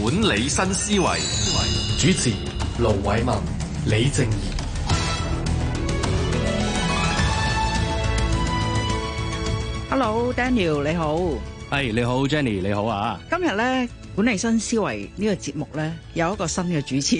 管理新思維，思維主持盧偉民、李靜宜。Hello，Daniel，你好。係、hey, 你好，Jenny，你好啊！今日咧，管理新思維呢個節目咧，有一個新嘅主持，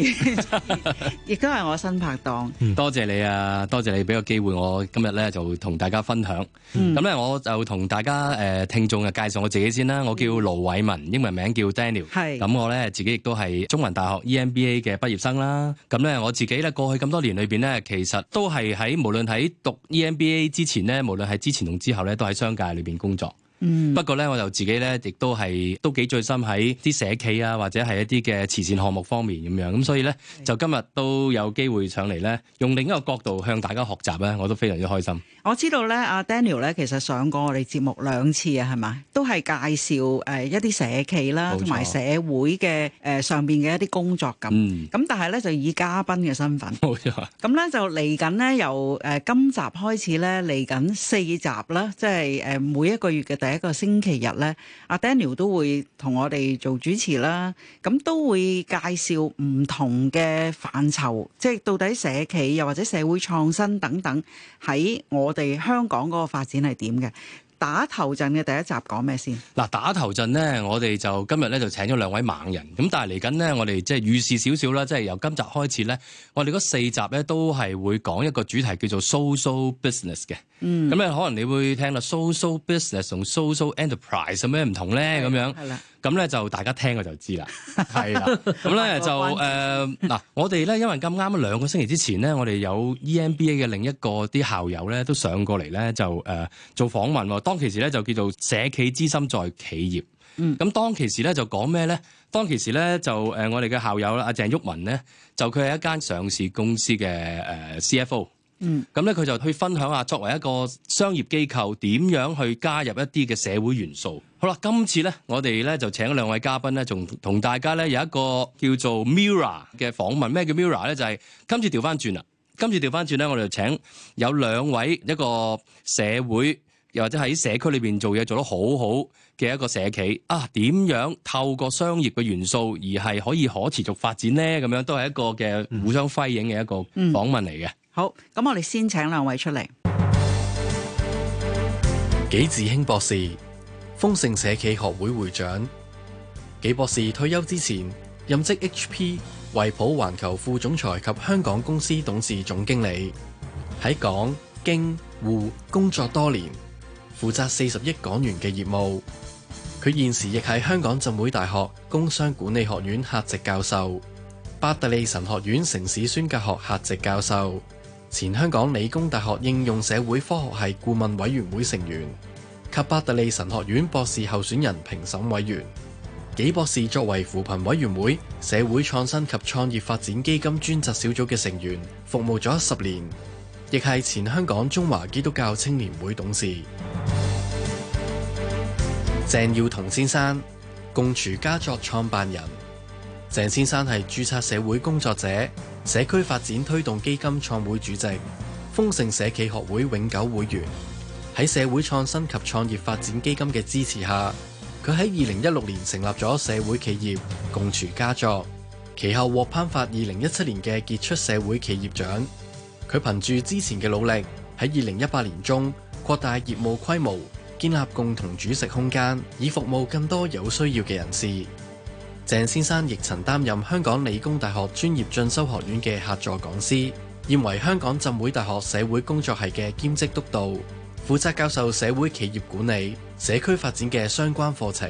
亦 都係我新拍檔、嗯。多謝你啊，多謝你俾個機會我今日咧就同大家分享。咁咧、嗯，我就同大家誒、呃、聽眾啊介紹我自己先啦。我叫盧偉民，英文名叫 Daniel 是。係咁，我咧自己亦都係中文大學 EMBA 嘅畢業生啦。咁咧，我自己咧過去咁多年裏邊咧，其實都係喺無論喺讀 EMBA 之前咧，無論喺之前同之後咧，都喺商界裏邊工作。嗯， 不過咧，我就自己咧，亦都係都幾醉心喺啲社企啊，或者係一啲嘅慈善項目方面咁樣，咁、嗯、所以咧， 就今日都有機會上嚟咧，用另一個角度向大家學習咧，我都非常之開心。我知道咧，阿 Daniel 咧，其實上過我哋節目兩次啊，係嘛，都係介紹誒一啲社企啦，同埋社會嘅誒、呃、上邊嘅一啲工作咁。咁沒錯 但係咧就以嘉賓嘅身份。冇錯。咁咧就嚟緊咧，由誒今集開始咧，嚟緊四集啦，即係誒每一個月嘅第一個星期日咧，阿 Daniel 都會同我哋做主持啦，咁都會介紹唔同嘅範疇，即係到底社企又或者社會創新等等喺我哋香港嗰個發展係點嘅？打頭陣嘅第一集講咩先？嗱，打頭陣咧，我哋就今日咧就請咗兩位猛人。咁但係嚟緊咧，我哋即係預示少少啦，即係由今集開始咧，我哋嗰四集咧都係會講一個主題叫做 social business 嘅。So、嗯，咁咧可能你會聽到 social business 同 social enterprise 有咩唔同咧？咁的樣係啦。咁咧的就 大家聽過就知啦。係啦。咁咧就誒嗱，我哋咧因為咁啱兩個星期之前咧，我哋有 EMBA 嘅另一個啲校友咧都上過嚟咧，就誒做訪問 當其時咧就叫做社企之心在企業，咁、嗯、當其時咧就講咩咧？當其時咧就誒、呃，我哋嘅校友啦，阿、啊、鄭旭文咧，就佢係一間上市公司嘅誒 CFO，咁咧佢就去分享下作為一個商業機構，點樣去加入一啲嘅社會元素？好啦，今次咧我哋咧就請兩位嘉賓咧，仲同大家咧有一個叫做 Mirror 嘅訪問，咩叫 Mirror 咧？就係今次調翻轉啦，今次調翻轉咧，我哋就請有兩位一個社會。或者喺社區裏邊做嘢做得好好嘅一個社企啊，點樣透過商業嘅元素而係可以可持續發展呢？咁樣都係一個嘅互相輝映嘅一個訪問嚟嘅、嗯嗯。好，咁我哋先請兩位出嚟。紀治興博士，豐盛社企學會會，會長。紀博士退休之前，任職 HP 惠普環球副總裁及香港公司董事總經理，喺港、京、滬工作多年。負責四十億港元嘅業務，佢現時亦係香港浸會大學工商管理學院客席教授、伯特利神學院城市宣教學客席教授、前香港理工大學應用社會科學系顧問委員會成員及伯特利神學院博士候選人評審委員。紀博士作為扶貧委員會、社會創新及創業發展基金專責小組嘅成員，服務咗十年，亦係前香港中華基督教青年會董事。鄭耀彤先生，共廚家作創辦人。鄭先生係註冊社會工作者，社區發展推動基金創會主席，豐盛社企學會永久會員。喺社會創新及創業發展基金嘅支持下，佢喺二零一六年成立咗社會企業共廚家作，其後獲頒發二零一七年嘅傑出社會企業獎。佢憑住之前嘅努力，喺二零一八年中擴大業務規模。建立共同煮食空間，以服務更多有需要嘅人士。鄭先生亦曾擔任香港理工大學專業進修學院嘅客座講師，現為香港浸會大學社會工作系嘅兼職督導，負責教授社會企業管理、社區發展嘅相關課程。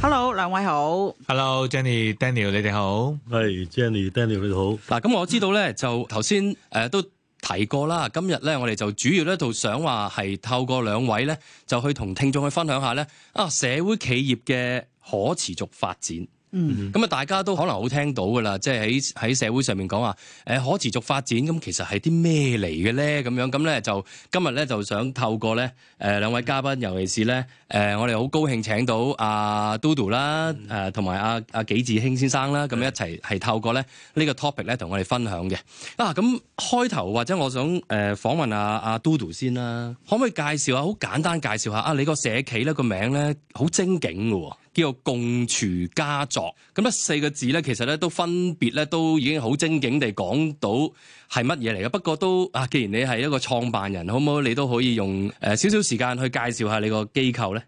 Hello，兩位好。Hello，Jenny，Daniel，你哋好。係、hey, Jenny，Daniel，你好。嗱，咁 我知道呢，就頭先誒都。提過啦，今日呢，我哋就主要咧就想話係透過兩位呢，就去同聽眾去分享一下呢，啊，社會企業嘅可持續發展。嗯，咁啊、mm，hmm. 大家都可能好聽到噶啦，即係喺喺社會上面講話，誒可持續發展，咁其實係啲咩嚟嘅咧？咁樣咁咧，就今日咧就想透過咧，誒、呃、兩位嘉賓，尤其是咧，誒、呃、我哋好高興請到阿嘟嘟啦，誒同埋阿阿紀志興先生啦，咁、mm hmm. 一齊係透過咧呢、這個 topic 咧同我哋分享嘅。啊，咁開頭或者我想誒、呃、訪問下阿嘟嘟先啦，可唔可以介紹下，好簡單介紹下啊？你個社企咧個名咧好精警嘅喎。叫共廚家作，咁咧四個字咧，其實咧都分別咧都已經好精警地講到係乜嘢嚟。不過都既然你係一個創辦人，可唔可以你都可以用誒少少時間去介紹下你個機構呢？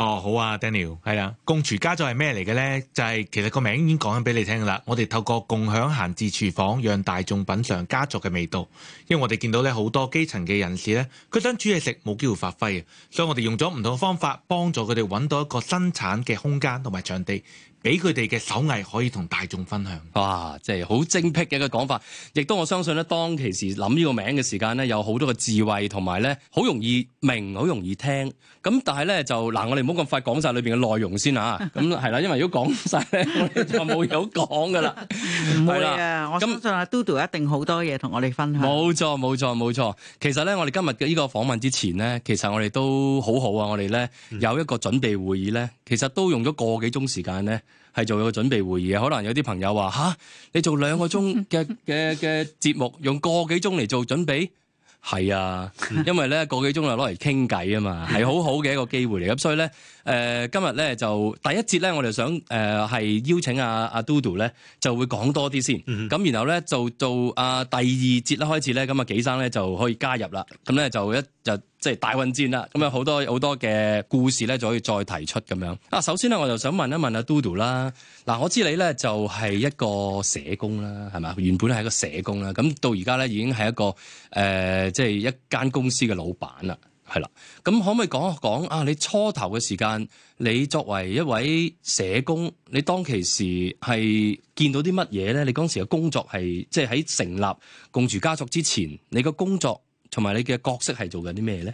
哦，好啊，Daniel，係啦、啊，共廚家作係咩嚟嘅咧？就係、是、其實個名已經講緊俾你聽噶啦。我哋透過共享閒置廚房，讓大眾品嘗家作嘅味道。因為我哋見到咧好多基層嘅人士咧，佢想煮嘢食冇機會發揮啊，所以我哋用咗唔同嘅方法幫助佢哋揾到一個生產嘅空間同埋場地。俾佢哋嘅手藝可以同大眾分享。哇，即係好精辟嘅一個講法，亦都我相信咧，當其時諗呢個名嘅時間咧，有好多嘅智慧同埋咧，好容易明，好容易聽。咁但係咧就嗱，我哋唔好咁快講晒裏邊嘅內容先啊。咁係啦，因為如果講曬咧，我就冇嘢好講噶啦。唔會啊，的我相信阿嘟 o d o 一定好多嘢同我哋分享。冇錯，冇錯，冇錯。其實咧，我哋今日嘅呢個訪問之前咧，其實我哋都好好啊。我哋咧有一個準備會議咧，其實都用咗個幾鐘時間咧。係做個準備會議啊！可能有啲朋友話吓，你做兩個鐘嘅嘅嘅節目，用個幾鐘嚟做準備？係啊，因為咧個幾鐘就攞嚟傾偈啊嘛，係好好嘅一個機會嚟咁，所以咧誒今日咧就第一節咧，我哋想誒係邀請阿阿嘟嘟咧就會講多啲先，咁然後咧就做阿第二節啦開始咧，咁啊紀生咧就可以加入啦，咁咧就一就。即係大混戰啦，咁有好多好多嘅故事咧，就可以再提出咁樣。啊，首先咧，我就想問一問阿 Dudo 啦。嗱，我知你咧就係一個社工啦，係咪？原本係一個社工啦，咁到而家咧已經係一個誒，即係一間公司嘅老闆啦，係啦。咁可唔可以講一講啊？你初頭嘅時間，你作為一位社工，你當其時係見到啲乜嘢咧？你當時嘅工作係即係喺成立共廚家作之前，你嘅工作。同埋你嘅角色係做緊啲咩呢？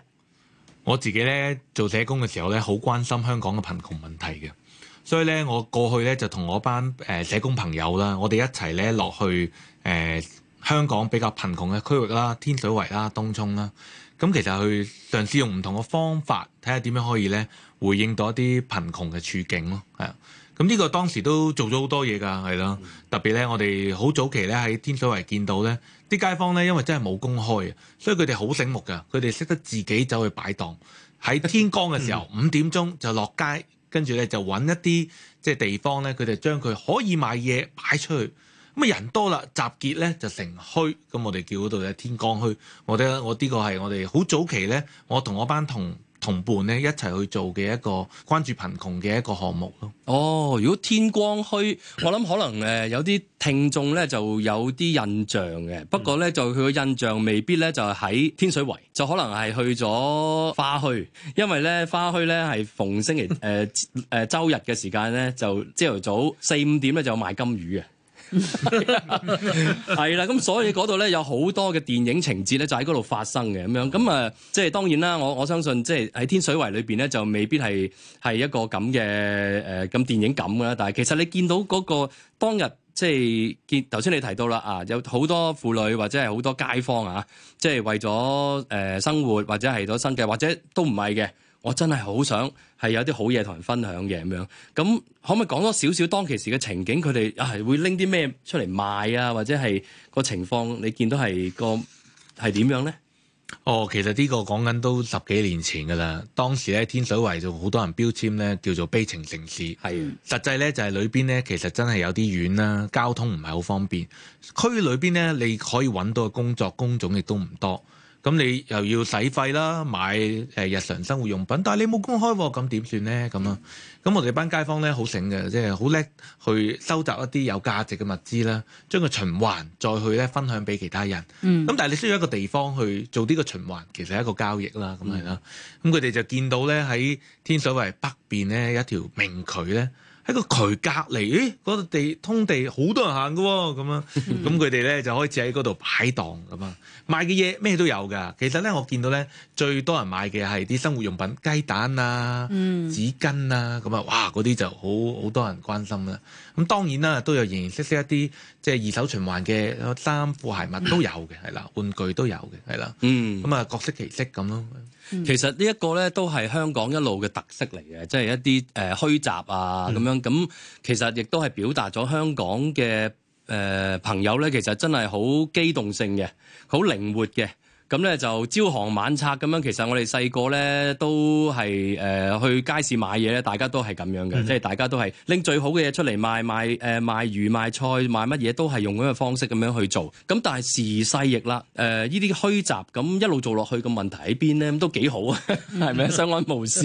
我自己咧做社工嘅時候咧，好關心香港嘅貧窮問題嘅，所以咧我過去咧就同我班誒、呃、社工朋友啦，我哋一齊咧落去誒、呃、香港比較貧窮嘅區域啦，天水圍啦、東涌啦，咁其實去嘗試用唔同嘅方法，睇下點樣可以咧回應到一啲貧窮嘅處境咯，係啊，咁呢個當時都做咗好多嘢㗎，係啦，特別咧我哋好早期咧喺天水圍見到咧。啲街坊咧，因為真係冇工開，所以佢哋好醒目㗎。佢哋識得自己走去擺檔，喺天光嘅時候五點鐘就落街，跟住咧就揾一啲即係地方咧，佢哋將佢可以賣嘢擺出去。咁啊人多啦，集結咧就成墟，咁我哋叫嗰度咧天光墟。我覺得我呢個係我哋好早期咧，我同我班同同伴咧一齊去做嘅一個關注貧窮嘅一個項目咯。哦，如果天光墟，我諗可能誒、呃、有啲聽眾咧就有啲印象嘅，不過咧就佢個印象未必咧就喺天水圍，就可能係去咗花墟，因為咧花墟咧係逢星期誒誒、呃呃、週日嘅時間咧就朝頭早四五點咧就有賣金魚嘅。係啦，咁 所以嗰度咧有好多嘅電影情節咧，就喺嗰度發生嘅咁樣，咁啊、呃，即係當然啦，我我相信即係喺天水圍裏邊咧，就未必係係一個咁嘅誒咁電影感嘅啦，但係其實你見到嗰個當日即係見，頭先你提到啦啊，有好多婦女或者係好多街坊啊，即係為咗誒、呃、生活或者係咗生計，或者都唔係嘅。我真係好想係有啲好嘢同人分享嘅咁樣，咁可唔可以講多少少當其時嘅情景？佢哋啊，係會拎啲咩出嚟賣啊，或者係個情況你見到係、個係點樣呢？哦，其實呢個講緊都十幾年前噶啦，當時咧天水圍就好多人標籤咧叫做悲情城市，係的實際呢，就係裏邊呢，其實真係有啲遠啦，交通唔係好方便，區裏邊呢，你可以揾到嘅工作工種亦都唔多。咁你又要使費啦，買誒日常生活用品，但係你冇公開喎、喔，咁點算呢？咁啊，咁我哋班街坊呢，好醒嘅，即係好叻去收集一啲有價值嘅物資啦，將個循環再去咧分享俾其他人。咁、嗯、但係你需要一個地方去做呢個循環，其實係一個交易啦，咁係啦。咁佢哋就見到呢，喺天水圍北邊呢，一條明渠呢。喺個渠隔離，咦？嗰度地通地好多人行㗎喎，咁樣，咁佢哋咧就開始喺嗰度擺檔咁啊，賣嘅嘢咩都有嘅。其實咧，我見到咧最多人買嘅係啲生活用品，雞蛋啊、紙巾啊，咁啊，哇！嗰啲就好好多人關心啦。咁當然啦，都有形形色色一啲即係二手循環嘅衫褲鞋襪都有嘅，係啦，玩具都有嘅，係啦，咁啊 各式其式咁咯。其實這呢一個都係香港一路嘅特色嚟嘅，即係一啲誒墟集啊咁樣，咁其實亦都係表達咗香港嘅、呃、朋友呢，其實真係好機動性嘅，好靈活嘅。咁咧就朝行晚拆咁樣，其實我哋細個咧都係誒、呃、去街市買嘢咧，大家都係咁樣嘅，mm hmm. 即係大家都係拎最好嘅嘢出嚟賣賣，誒賣魚賣菜、賣乜嘢都係用咁嘅方式咁樣去做。咁但係時移世易啦，誒呢啲虛雜咁一路做落去嘅問題喺邊咧？都幾好啊，係 咪相安無事？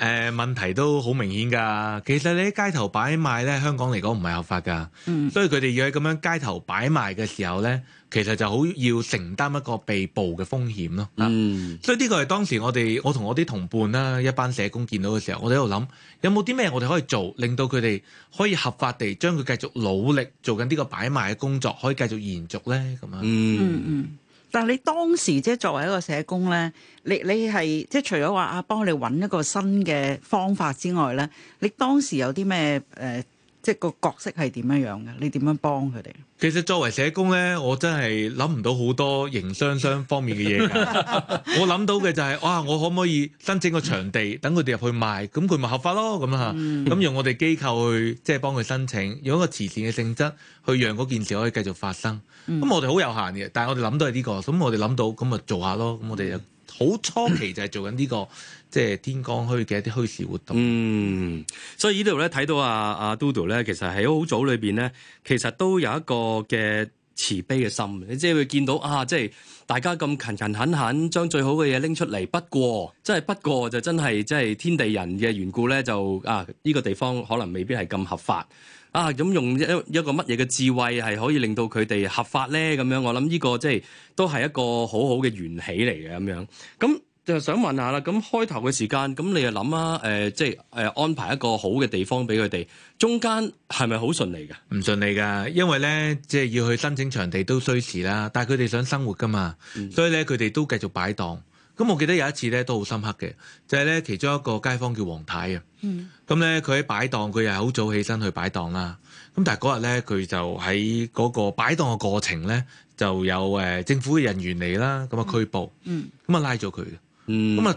誒問題都好明顯㗎。其實你喺街頭擺賣咧，香港嚟講唔係合法㗎。Mm hmm. 所以佢哋要喺咁樣街頭擺賣嘅時候咧。其實就好要承擔一個被捕嘅風險咯，嗯、所以呢個係當時我哋我同我啲同伴啦，一班社工見到嘅時候，我哋喺度諗有冇啲咩我哋可以做，令到佢哋可以合法地將佢繼續努力做緊呢個擺賣嘅工作，可以繼續延續咧咁樣。嗯嗯，嗯，但係你當時即係作為一個社工咧，你你係即係除咗話啊幫你揾一個新嘅方法之外咧，你當時有啲咩誒即係個角色係點樣樣嘅？你點樣幫佢哋？其實作為社工咧，我真係諗唔到好多營商商方面嘅嘢㗎。 我諗到嘅就係、是，哇！我可唔可以申請個場地，等佢哋入去賣，咁佢咪合法咯咁啊？咁用我哋機構去即係幫佢申請，用一個慈善嘅性質去讓嗰件事可以繼續發生。咁我哋好有限嘅，但係我哋諗到係呢、這個。咁我哋諗到，咁咪做下咯。咁我哋又。好初期就係做緊、這、呢個即係、就是、天光墟嘅一啲虛事活動。嗯，所以呢度咧睇到啊啊嘟 o d o 咧，其實喺好早裏邊咧，其實都有一個嘅慈悲嘅心。你即係會見到啊，即、就、係、是、大家咁勤勤肯肯將最好嘅嘢拎出嚟。不過，即、就、係、是、不過就真係即係天地人嘅緣故咧，就啊呢、這個地方可能未必係咁合法。啊咁用一一個乜嘢嘅智慧係可以令到佢哋合法咧咁樣，我諗呢個即係都係一個好好嘅緣起嚟嘅咁樣。咁就想問下啦，咁開頭嘅時間咁你又諗啊？誒、呃、即係誒、呃、安排一個好嘅地方俾佢哋，中間係咪好順利㗎？唔順利㗎，因為咧即係要去申請場地都需時啦。但係佢哋想生活㗎嘛，所以咧佢哋都繼續擺檔。咁我記得有一次咧，都好深刻嘅，就係、是、咧其中一個街坊叫黃太啊。咁咧佢喺擺檔，佢又係好早起身去擺檔啦。咁但係嗰日咧佢就喺嗰個擺檔嘅過程咧，就有誒政府嘅人員嚟啦，咁啊拘捕，咁啊、嗯嗯、拉咗佢，咁啊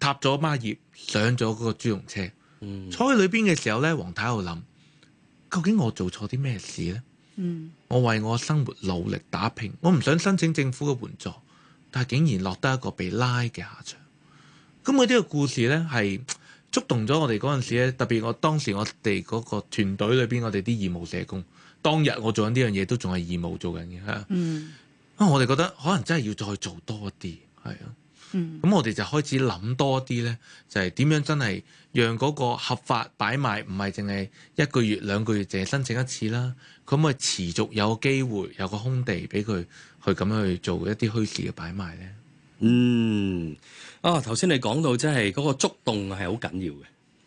踏咗孖葉上咗嗰個豬籠車，坐喺裏邊嘅時候咧，黃太喺度諗，究竟我做錯啲咩事咧？嗯、我為我生活努力打拼，我唔想申請政府嘅援助。但係竟然落得一個被拉嘅下場，咁佢呢個故事呢，係觸動咗我哋嗰陣時，特別我當時我哋嗰個團隊裏邊，我哋啲義務社工當日我做緊呢樣嘢都仲係義務做緊嘅嚇，啊、嗯、我哋覺得可能真係要再做多啲，係啊，咁、嗯、我哋就開始諗多啲呢就係點樣真係讓嗰個合法擺賣唔係淨係一個月兩個月，淨係申請一次啦，咁咪持續有機會有個空地俾佢，去咁樣去做一啲虛擬嘅擺賣咧，嗯啊頭先你講到即係嗰個觸動係好緊要嘅，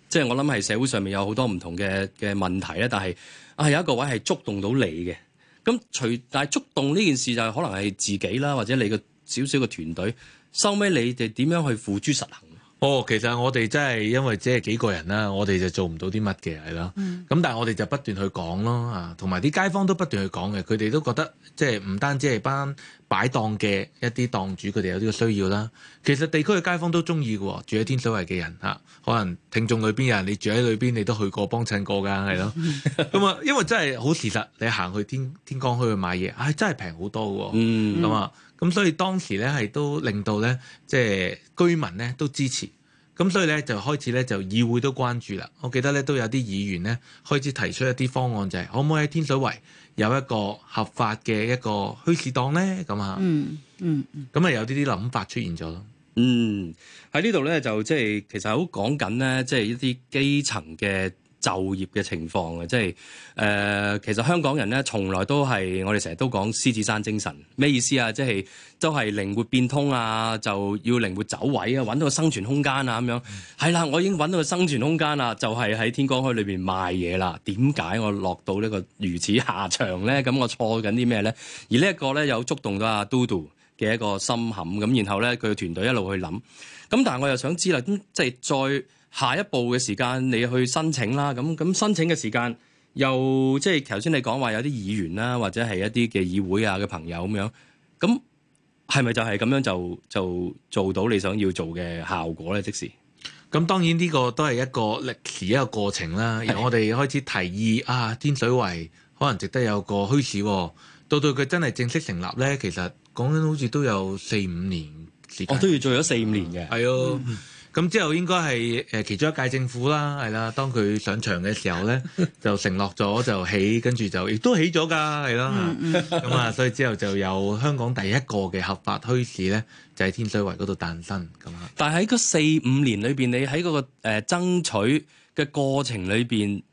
即係我諗係社會上面有好多唔同嘅嘅問題咧，但係啊有一個位係觸動到你嘅，咁除但係觸,觸動呢件事就係可能係自己啦，或者你個少少嘅團隊收尾你哋點樣去付諸實行？哦，其實我哋真係因為只係幾個人啦，我哋就做唔到啲乜嘅，係咯。咁、嗯、但係我哋就不斷去講咯，啊，同埋啲街坊都不斷去講嘅，佢哋都覺得即係唔單止係班擺檔嘅一啲檔主，佢哋有呢個需要啦。其實地區嘅街坊都中意嘅喎，住喺天水圍嘅人啊，可能聽眾裏邊有人你住喺裏邊，你都去過幫襯過㗎，係咯。咁啊，因為真係好事實，你行去天天光墟去買嘢，唉、哎，真係平好多嘅喎。咁啊、嗯。嗯嗯。咁所以當時咧係都令到咧，即係居民咧都支持。咁所以咧就開始咧就議會都關注啦。我記得咧都有啲議員咧開始提出一啲方案，就係可唔可以喺天水圍有一個合法嘅一個墟市檔咧？咁啊，嗯嗯，咁啊有啲啲諗法出現咗咯。嗯，喺呢度咧就即係其實好講緊咧，即係一啲基層嘅。就業嘅情況啊，即係誒、呃，其實香港人咧，從來都係我哋成日都講獅子山精神，咩意思啊？即係都係靈活變通啊，就要靈活走位啊，揾到個生存空間啊，咁樣。係啦，我已經揾到個生存空間啦，就係、是、喺天光墟裏邊賣嘢啦。點解我落到呢個如此下場咧？咁我錯緊啲咩咧？而呢一個咧，有觸動到阿嘟嘟嘅一個心坎咁，然後咧佢嘅團隊一路去諗。咁但係我又想知啦，即係再。下一步嘅時間，你去申請啦。咁咁申請嘅時間又，又即係頭先你講話有啲議員啦，或者係一啲嘅議會啊嘅朋友咁樣。咁係咪就係咁樣就就做到你想要做嘅效果咧？即時咁，當然呢個都係一個歷史一個過程啦。我哋開始提議啊，天水圍可能值得有個墟市。到到佢真係正式成立咧，其實講緊好似都有四五年時間，哦、都要做咗四五年嘅，係啊、嗯。咁之後應該係誒其中一屆政府啦，係啦。當佢上場嘅時候咧， 就承諾咗就起，跟住就亦都起咗㗎，係啦。咁 啊，所以之後就有香港第一個嘅合法墟市咧，就喺天水圍嗰度誕生咁啊。但係喺嗰四五年裏邊，你喺嗰、那個誒、呃、爭取嘅過程裏邊，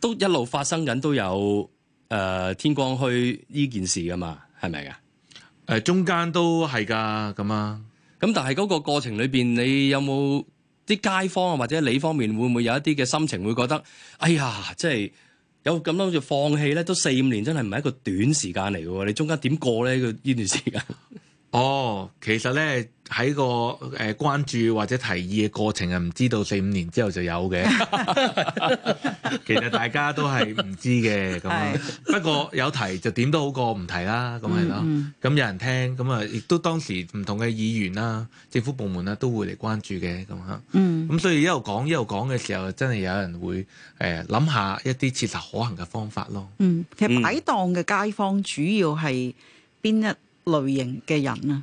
都一路發生緊都有誒、呃、天光墟呢件事㗎嘛？係咪啊？誒、呃，中間都係㗎，咁啊。咁但係嗰個過程裏邊，你有冇啲街坊啊，或者你方面會唔會有一啲嘅心情會覺得，哎呀，即係有咁多好似放棄咧，都四五年真係唔係一個短時間嚟嘅喎，你中間點過咧？呢個呢段時間。 哦，其實呢，喺個誒、呃、關注或者提議嘅過程啊，唔知道四五年之後就有嘅。 其實大家都係唔知嘅，咁不過有提就點都好過唔提啦，咁係咯。咁、hmm. 有人聽，咁啊亦都當時唔同嘅議員啦、啊、政府部門啦、啊、都會嚟關注嘅咁嚇。咁、mm hmm. 所以一路講一路講嘅時候，真係有人會誒諗、欸、下一啲切實可行嘅方法咯。嗯、mm，hmm. 其實擺檔嘅街坊主要係邊一？Mm 類型嘅人啦，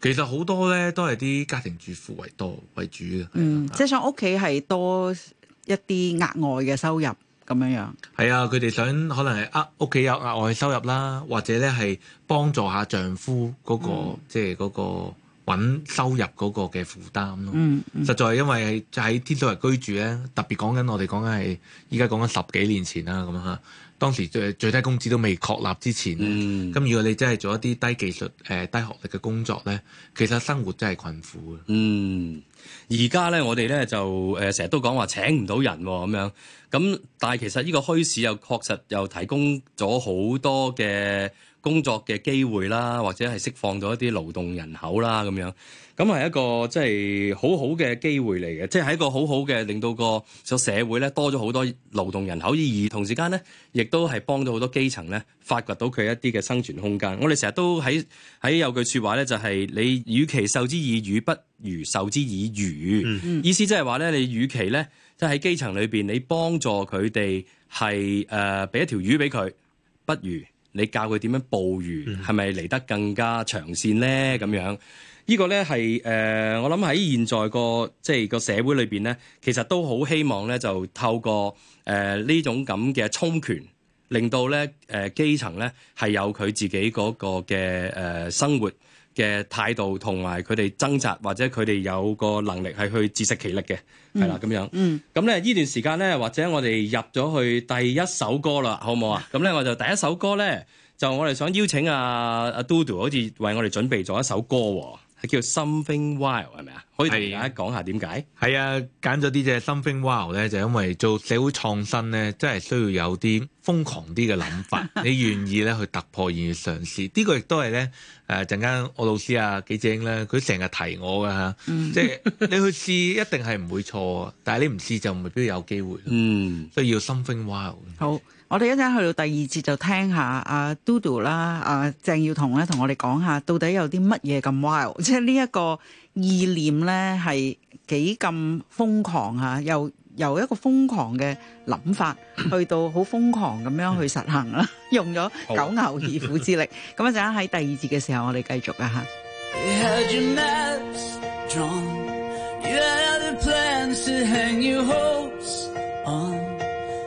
其實好多呢都係啲家庭主婦為多為主嘅，嗯，啊、即係想屋企係多一啲額外嘅收入咁樣樣。係啊、嗯，佢哋想可能係呃屋企有額外收入啦，或者呢係幫助下丈夫嗰、嗰個即係嗰個揾收入嗰個嘅負擔咯、嗯。嗯嗯，實在係因為就喺天水圍居住呢，特別講緊我哋講緊係依家講緊十幾年前啦咁嚇。當時最最低工資都未確立之前，咁、嗯、如果你真係做一啲低技術、誒、呃、低學歷嘅工作咧，其實生活真係困苦嘅。而家咧，我哋咧就誒成日都講話請唔到人喎、哦，咁樣。咁但係其實呢個墟市又確實又提供咗好多嘅工作嘅機會啦，或者係釋放咗一啲勞動人口啦，咁樣。咁係一個真係好好嘅機會嚟嘅，即係一個好好嘅，令到個個社會咧多咗好多勞動人口，而同時間咧亦都係幫到好多基層咧發掘到佢一啲嘅生存空間。我哋成日都喺喺有句説話咧，就係你與其授之以魚，不如授之以漁。意思即係話咧，你與其咧即係喺基層裏邊你幫助佢哋係誒俾一條魚俾佢，不如你教佢點樣捕魚，係咪嚟得更加長線咧？咁樣。呢個咧係誒，我諗喺現在個即係、這個社會裏邊咧，其實都好希望咧，就透過誒呢、呃、種咁嘅充權，令到咧誒、呃、基層咧係有佢自己嗰個嘅誒、呃、生活嘅態度，同埋佢哋掙扎，或者佢哋有個能力係去自食其力嘅，係啦咁樣嗯。嗯，咁咧呢段時間咧，或者我哋入咗去第一首歌啦，好唔好啊？咁咧我就第一首歌咧，就我哋想邀請阿、啊、阿、啊、Dodo oo, 好似為我哋準備咗一首歌喎、哦。叫 something wild 係咪啊？可以大家講下點解？係啊，揀咗啲啫。something wild 咧，就因為做社會創新咧，真係需要有啲瘋狂啲嘅諗法。 你願意咧去突破，願意嘗試，呢、這個亦都係咧誒、陣、呃、間我老師啊幾正咧，佢成日提我㗎吓。啊、 即係你去試，一定係唔會錯。但係你唔試就未必有機會。嗯， 所以要 something wild。好。我哋一陣去到第二節就聽下阿 Dodo 啦，阿鄭、啊、耀彤咧同我哋講下到底有啲乜嘢咁 wild，即係呢一個意念咧係幾咁瘋狂啊？又由一個瘋狂嘅諗法去到好瘋狂咁樣去實行啦，用咗九牛二虎之力。咁一陣間喺第二節嘅時候，我哋繼續啊！You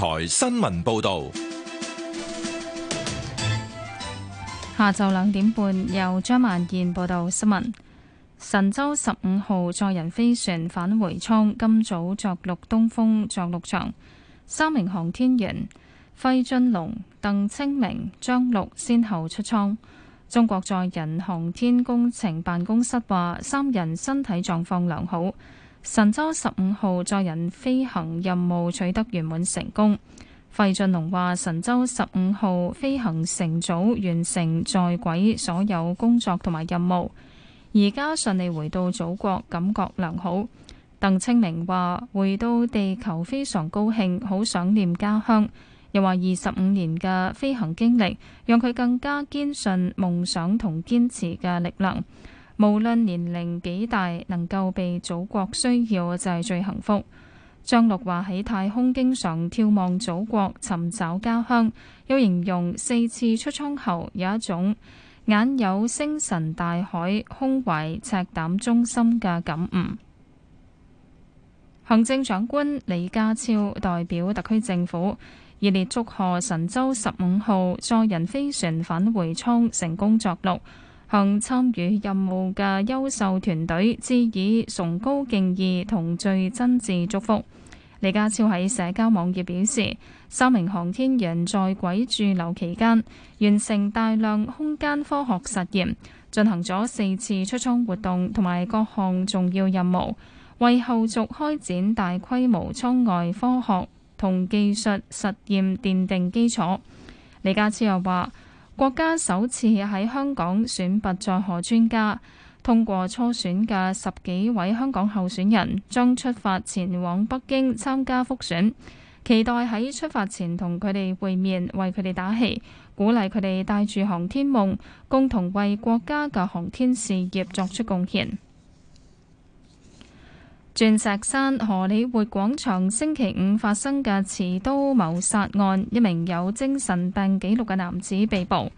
台新聞報導，下晝兩點半由張萬燕報道新聞。神舟十五號載人飛船返回艙今早著陸東風著陸場，三名航天員費俊龍、鄧清明、張陸先後出艙。中國載人航天工程辦公室話，三人身體狀況良好。神舟十五號載人飛行任務取得圓滿成功。費俊龍話：神舟十五號飛行乘組完成在軌所有工作同埋任務，而家順利回到祖國，感覺良好。鄧清明話：回到地球非常高興，好想念家鄉。又話：二十五年嘅飛行經歷，讓佢更加堅信夢想同堅持嘅力量。無論年齡幾大，能夠被祖國需要就係最幸福。張陸話喺太空經常眺望祖國，尋找家鄉，又形容四次出艙後有一種眼有星辰大海、胸懷赤膽忠心嘅感悟。行政長官李家超代表特區政府熱烈祝賀神舟十五號載人飛船返回艙成功着陸。向參與任務嘅優秀團隊致以崇高敬意同最真摯祝福。李家超喺社交網頁表示，三名航天員在軌駐留期間完成大量空間科學實驗，進行咗四次出艙活動同埋各項重要任務，為後續開展大規模艙外科學同技術實驗奠定基礎。李家超又話：國家首次喺香港選拔載荷專家，通過初選嘅十幾位香港候選人將出發前往北京參加復選，期待喺出發前同佢哋會面，為佢哋打氣，鼓勵佢哋帶住航天夢，共同為國家嘅航天事業作出貢獻。鑽石山荷里活廣場星期五發生嘅持刀謀殺案，一名有精神病記錄嘅男子被捕。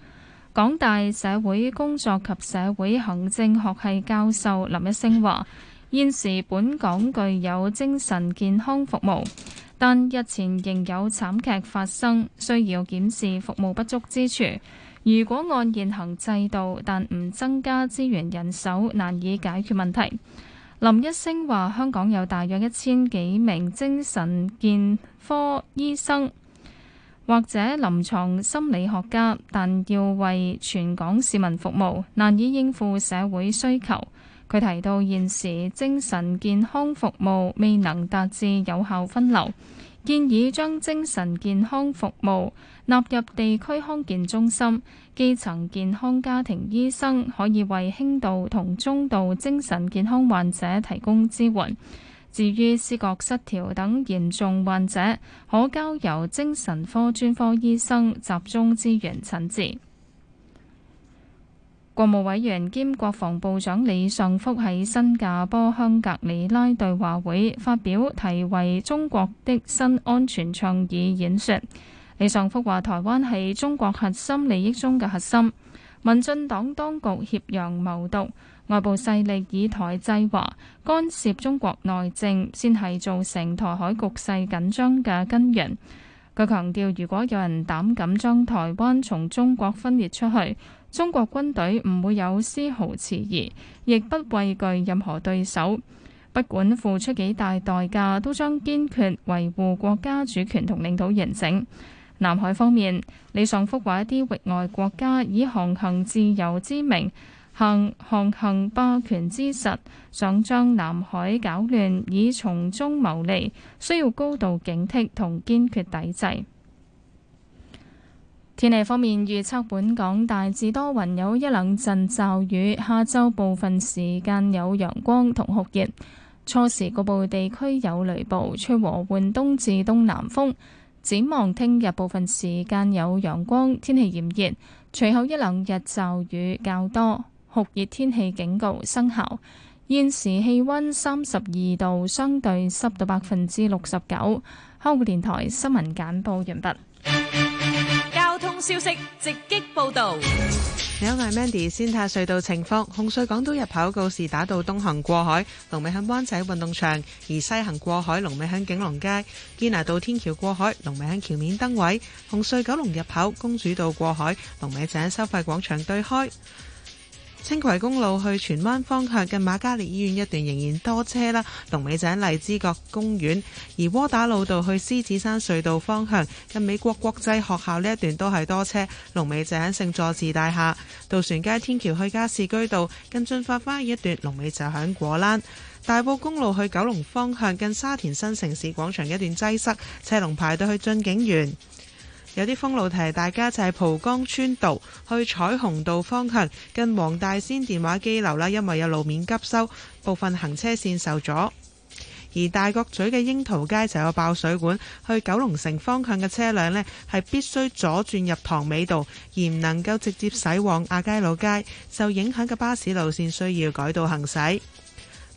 港大社會工作及社會行政學系教授林一星話：現時本港具有精神健康服務，但日前仍有慘劇發生，需要檢視服務不足之處。如果按現行制度，但唔增加資源人手，難以解決問題。林一星話：香港有大約一千幾名精神健科醫生或者臨床心理學家，但要為全港市民服務，難以應付社會需求。佢提到現時精神健康服務未能達至有效分流，建議將精神健康服務納入地區康健中心基層健康家庭醫生，可以為輕度同中度精神健康患者提供支援。至於思覺失調等嚴重患者，可交由精神科專科醫生集中資源診治。國務委員兼國防部長李尚福喺新加坡香格里拉對話會發表題為《中國的新安全倡議》演說。李尚福話：台灣係中國核心利益中嘅核心，民進黨當局挾洋謀獨，外部勢力以台制華，干涉中國內政，先係造成台海局勢緊張嘅根源。佢強調，如果有人膽敢將台灣從中國分裂出去，中國軍隊唔會有絲毫遲疑，亦不畏懼任何對手，不管付出幾大代價，都將堅決維護國家主權同領土完整。南海方面，李尚福話：一啲域外國家以航行自由之名，行航行霸權之實，想將南海搞亂以從中牟利，需要高度警惕同堅決抵制。天氣方面預測，本港大致多雲有一兩陣驟雨，下晝部分時間有陽光同酷熱，初時局部地區有雷暴，吹和緩東至東南風。展望聽日部分時間有陽光，天氣炎熱。隨後一兩日驟雨較多，酷熱天氣警告生效。現時氣溫三十二度，相對濕度百分之六十九。香港電台新聞簡報完畢。交通消息直擊報道。你好，我係 Mandy。先睇隧道情況，紅隧港島入口告士打道東行過海，龍尾喺灣仔運動場；而西行過海，龍尾喺景隆街。堅拿道天橋過海，龍尾喺橋面燈位。紅隧九龍入口公主道過海，龍尾就喺收費廣場對開。青葵公路去荃灣方向嘅瑪嘉烈醫院一段仍然多車啦，龍尾就喺荔枝角公園；而窩打老道去獅子山隧道方向近美國國際學校呢一段都係多車，龍尾就喺聖佐治大廈。渡船街天橋去加士居道近津發花園一段，龍尾就喺果欄。大埔公路去九龍方向近沙田新城市廣場一段擠塞，車龍排到去駿景園。有啲封路，提大家就係蒲崗村道去彩虹道方向，近黃大仙電話機樓啦，因為有路面急收，部分行車線受阻。而大角咀嘅櫻桃街就有爆水管，去九龍城方向嘅車輛呢係必須左轉入塘尾道，而唔能夠直接駛往亞皆老街。受影響嘅巴士路線需要改道行駛。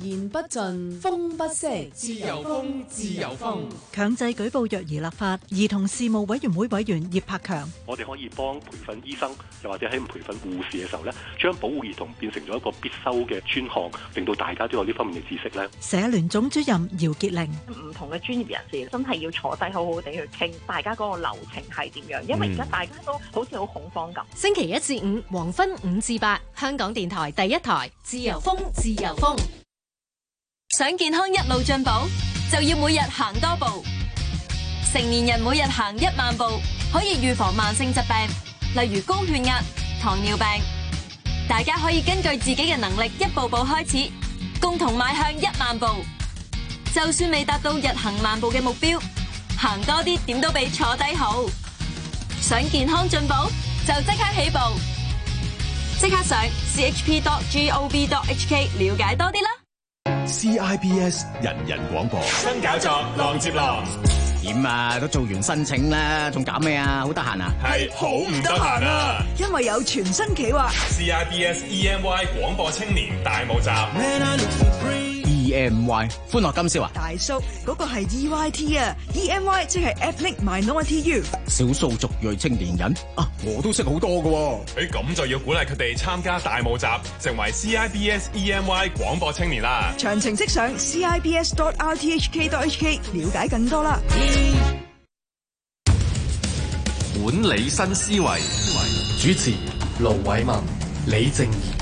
言不盡，風不息。自由風，自由風。強制舉報虐兒立法，兒童事務委員會委員葉柏強。我哋可以幫培訓醫生，又或者喺培訓護士嘅時候咧，將保護兒童變成咗一個必修嘅專項，令到大家都有呢方面嘅知識咧。社聯總主任姚潔玲。唔同嘅專業人士真係要坐低好好地去傾，大家嗰個流程係點樣？因為而家大家都好似好恐慌咁。嗯、星期一至五，黃昏五至八，香港電台第一台，自由風，自由風。想健康一路進步，就要每日行多步。成年人每日行一萬步，可以預防慢性疾病，例如高血壓、糖尿病。大家可以根據自己嘅能力，一步步開始，共同邁向一萬步。就算未達到日行萬步嘅目標，行多啲點都比坐低好。想健康進步，就即刻起步，即刻上 chp.gov.hk 了解多啲啦。CIBS 人人廣播，新搞作浪接浪，點啊都做完申請啦，仲搞咩啊？好得閒啊？係好唔得閒啊？因為有全新企劃，CIBS E M Y 廣播青年大募集。E M Y 歡樂今宵啊！大叔，嗰個係 E Y T 啊，E M Y 即係 Ethnic Minority Youth。少數族裔青年人啊，我都識好多噶。誒，咁就要鼓勵佢哋參加大募集，成為 C I B S E M Y 廣播青年啦。詳情即上 C I B S dot R T H K dot H K 了解更多啦。管理新思維，主持盧偉民、李靜宜。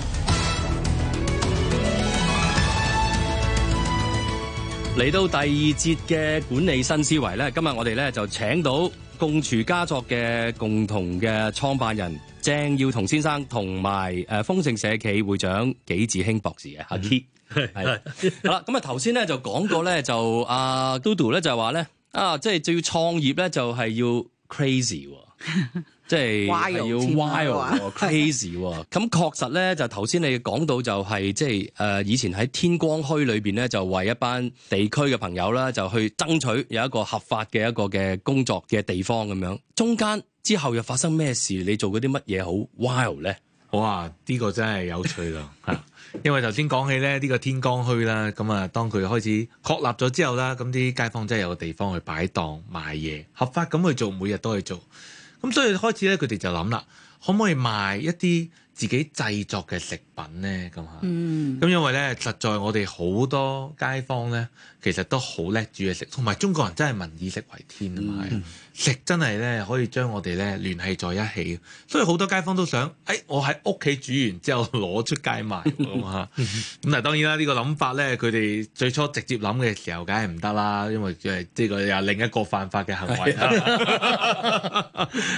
嚟到第二節嘅管理新思維咧，今日我哋咧就請到共廚家作嘅共同嘅創辦人鄭耀彤先生，同埋誒豐盛社企會長紀治興博士、mm. 啊阿 Keith，係係好啦，咁啊頭先咧就講過咧就阿嘟嘟 Dodo 咧就話咧啊，即係最要創業咧就係、是、要 crazy 喎。 即係要 wild crazy 咁，確 實呢，就頭先你講到就係、是、即係誒、呃，以前喺天光墟裡邊呢，就為一班地區嘅朋友啦，就去爭取有一個合法嘅一個嘅工作嘅地方咁樣。中間之後又發生咩事？你做嗰啲乜嘢好 wild 咧？哇！呢、這個真係有趣啦吓， 因為頭先講起咧呢、這個天光墟啦，咁啊當佢開始確立咗之後啦，咁啲街坊真係有個地方去擺檔賣嘢，合法咁去做，每日都去做。咁所以開始咧，佢哋就諗啦，可唔可以賣一啲自己製作嘅食品咧咁吓，咁，嗯，因為咧，實在我哋好多街坊咧，其實都好叻煮嘢食，同埋中國人真係民以食為天啊嘛，嗯，食真係咧可以將我哋咧聯繫在一起，所以好多街坊都想，誒我喺屋企煮完之後攞出街賣咁嚇，咁但當然啦，呢，這個諗法咧，佢哋最初直接諗嘅時候，梗係唔得啦，因為即係呢個又另一個犯法嘅行為啦，是啊，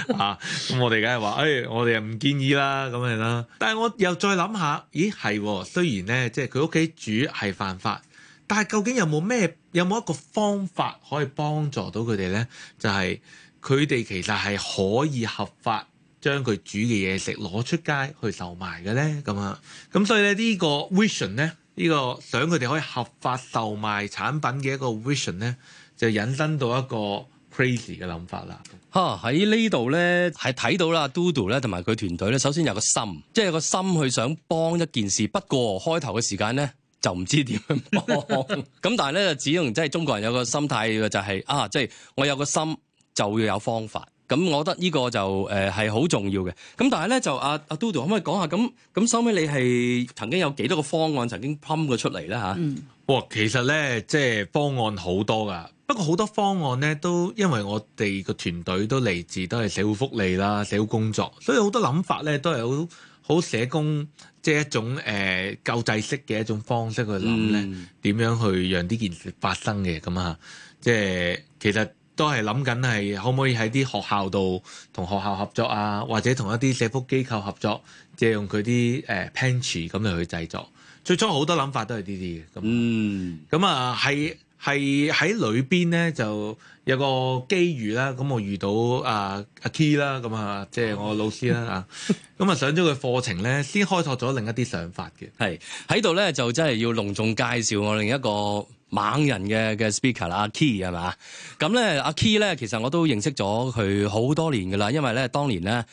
咁， 啊，我哋梗係話誒我哋又唔建議啦，咁樣啦，但係我又再諗下。咦，係雖然呢，即係佢屋企煮係犯法，但係究竟有冇咩，有冇一個方法可以幫助到佢哋呢？就係佢哋其實係可以合法將佢煮嘅嘢食攞出街去售賣嘅呢。咁啊，咁所以呢，呢個 vision 呢，呢個想佢哋可以合法售賣產品嘅一個 vision 呢，就引申到一個。crazy 嘅諗法啦，嚇喺呢度咧，係睇到啦 Dodo 咧同埋佢團隊咧，首先有個心，即係有個心去想幫一件事。不過開頭嘅時間咧就唔知點樣幫。咁 但係咧，只能即係中國人有個心態嘅就係、是、啊，即係我有個心就要有方法。咁我覺得呢個就誒係好重要嘅。咁但係咧就阿阿、啊、Dodo 可唔可以講下咁，咁收尾你係曾經有幾多個方案曾經 plan 過出嚟咧吓？嗯，哇，其實咧即係方案好多噶。不過好多方案呢，都因為我哋個團隊都嚟自都係社會福利啦、社會工作，所以好多諗法呢，都係好好社工，即係一種誒救濟式嘅一種方式去諗呢點樣去讓呢件事發生嘅咁啊？即係其實都係諗緊係可唔可以喺啲學校度同學校合作啊，或者同一啲社福機構合作，借用佢啲誒 pantry 咁嚟去製作。最初好多諗法都係呢啲嘅，咁咁啊係。嗯係喺裏邊咧，就有個機遇啦。咁我遇到阿阿 Key 啦，咁、呃、啊，即係我老師啦。咁 啊，上咗個課程咧，先開拓咗另一啲想法嘅。係喺度咧，就真係要隆重介紹我另一個猛人嘅嘅 speaker 啦，阿 Key 係嘛。咁咧、啊，阿、啊、Key 咧，其實我都認識咗佢好多年噶啦，因為咧當年咧。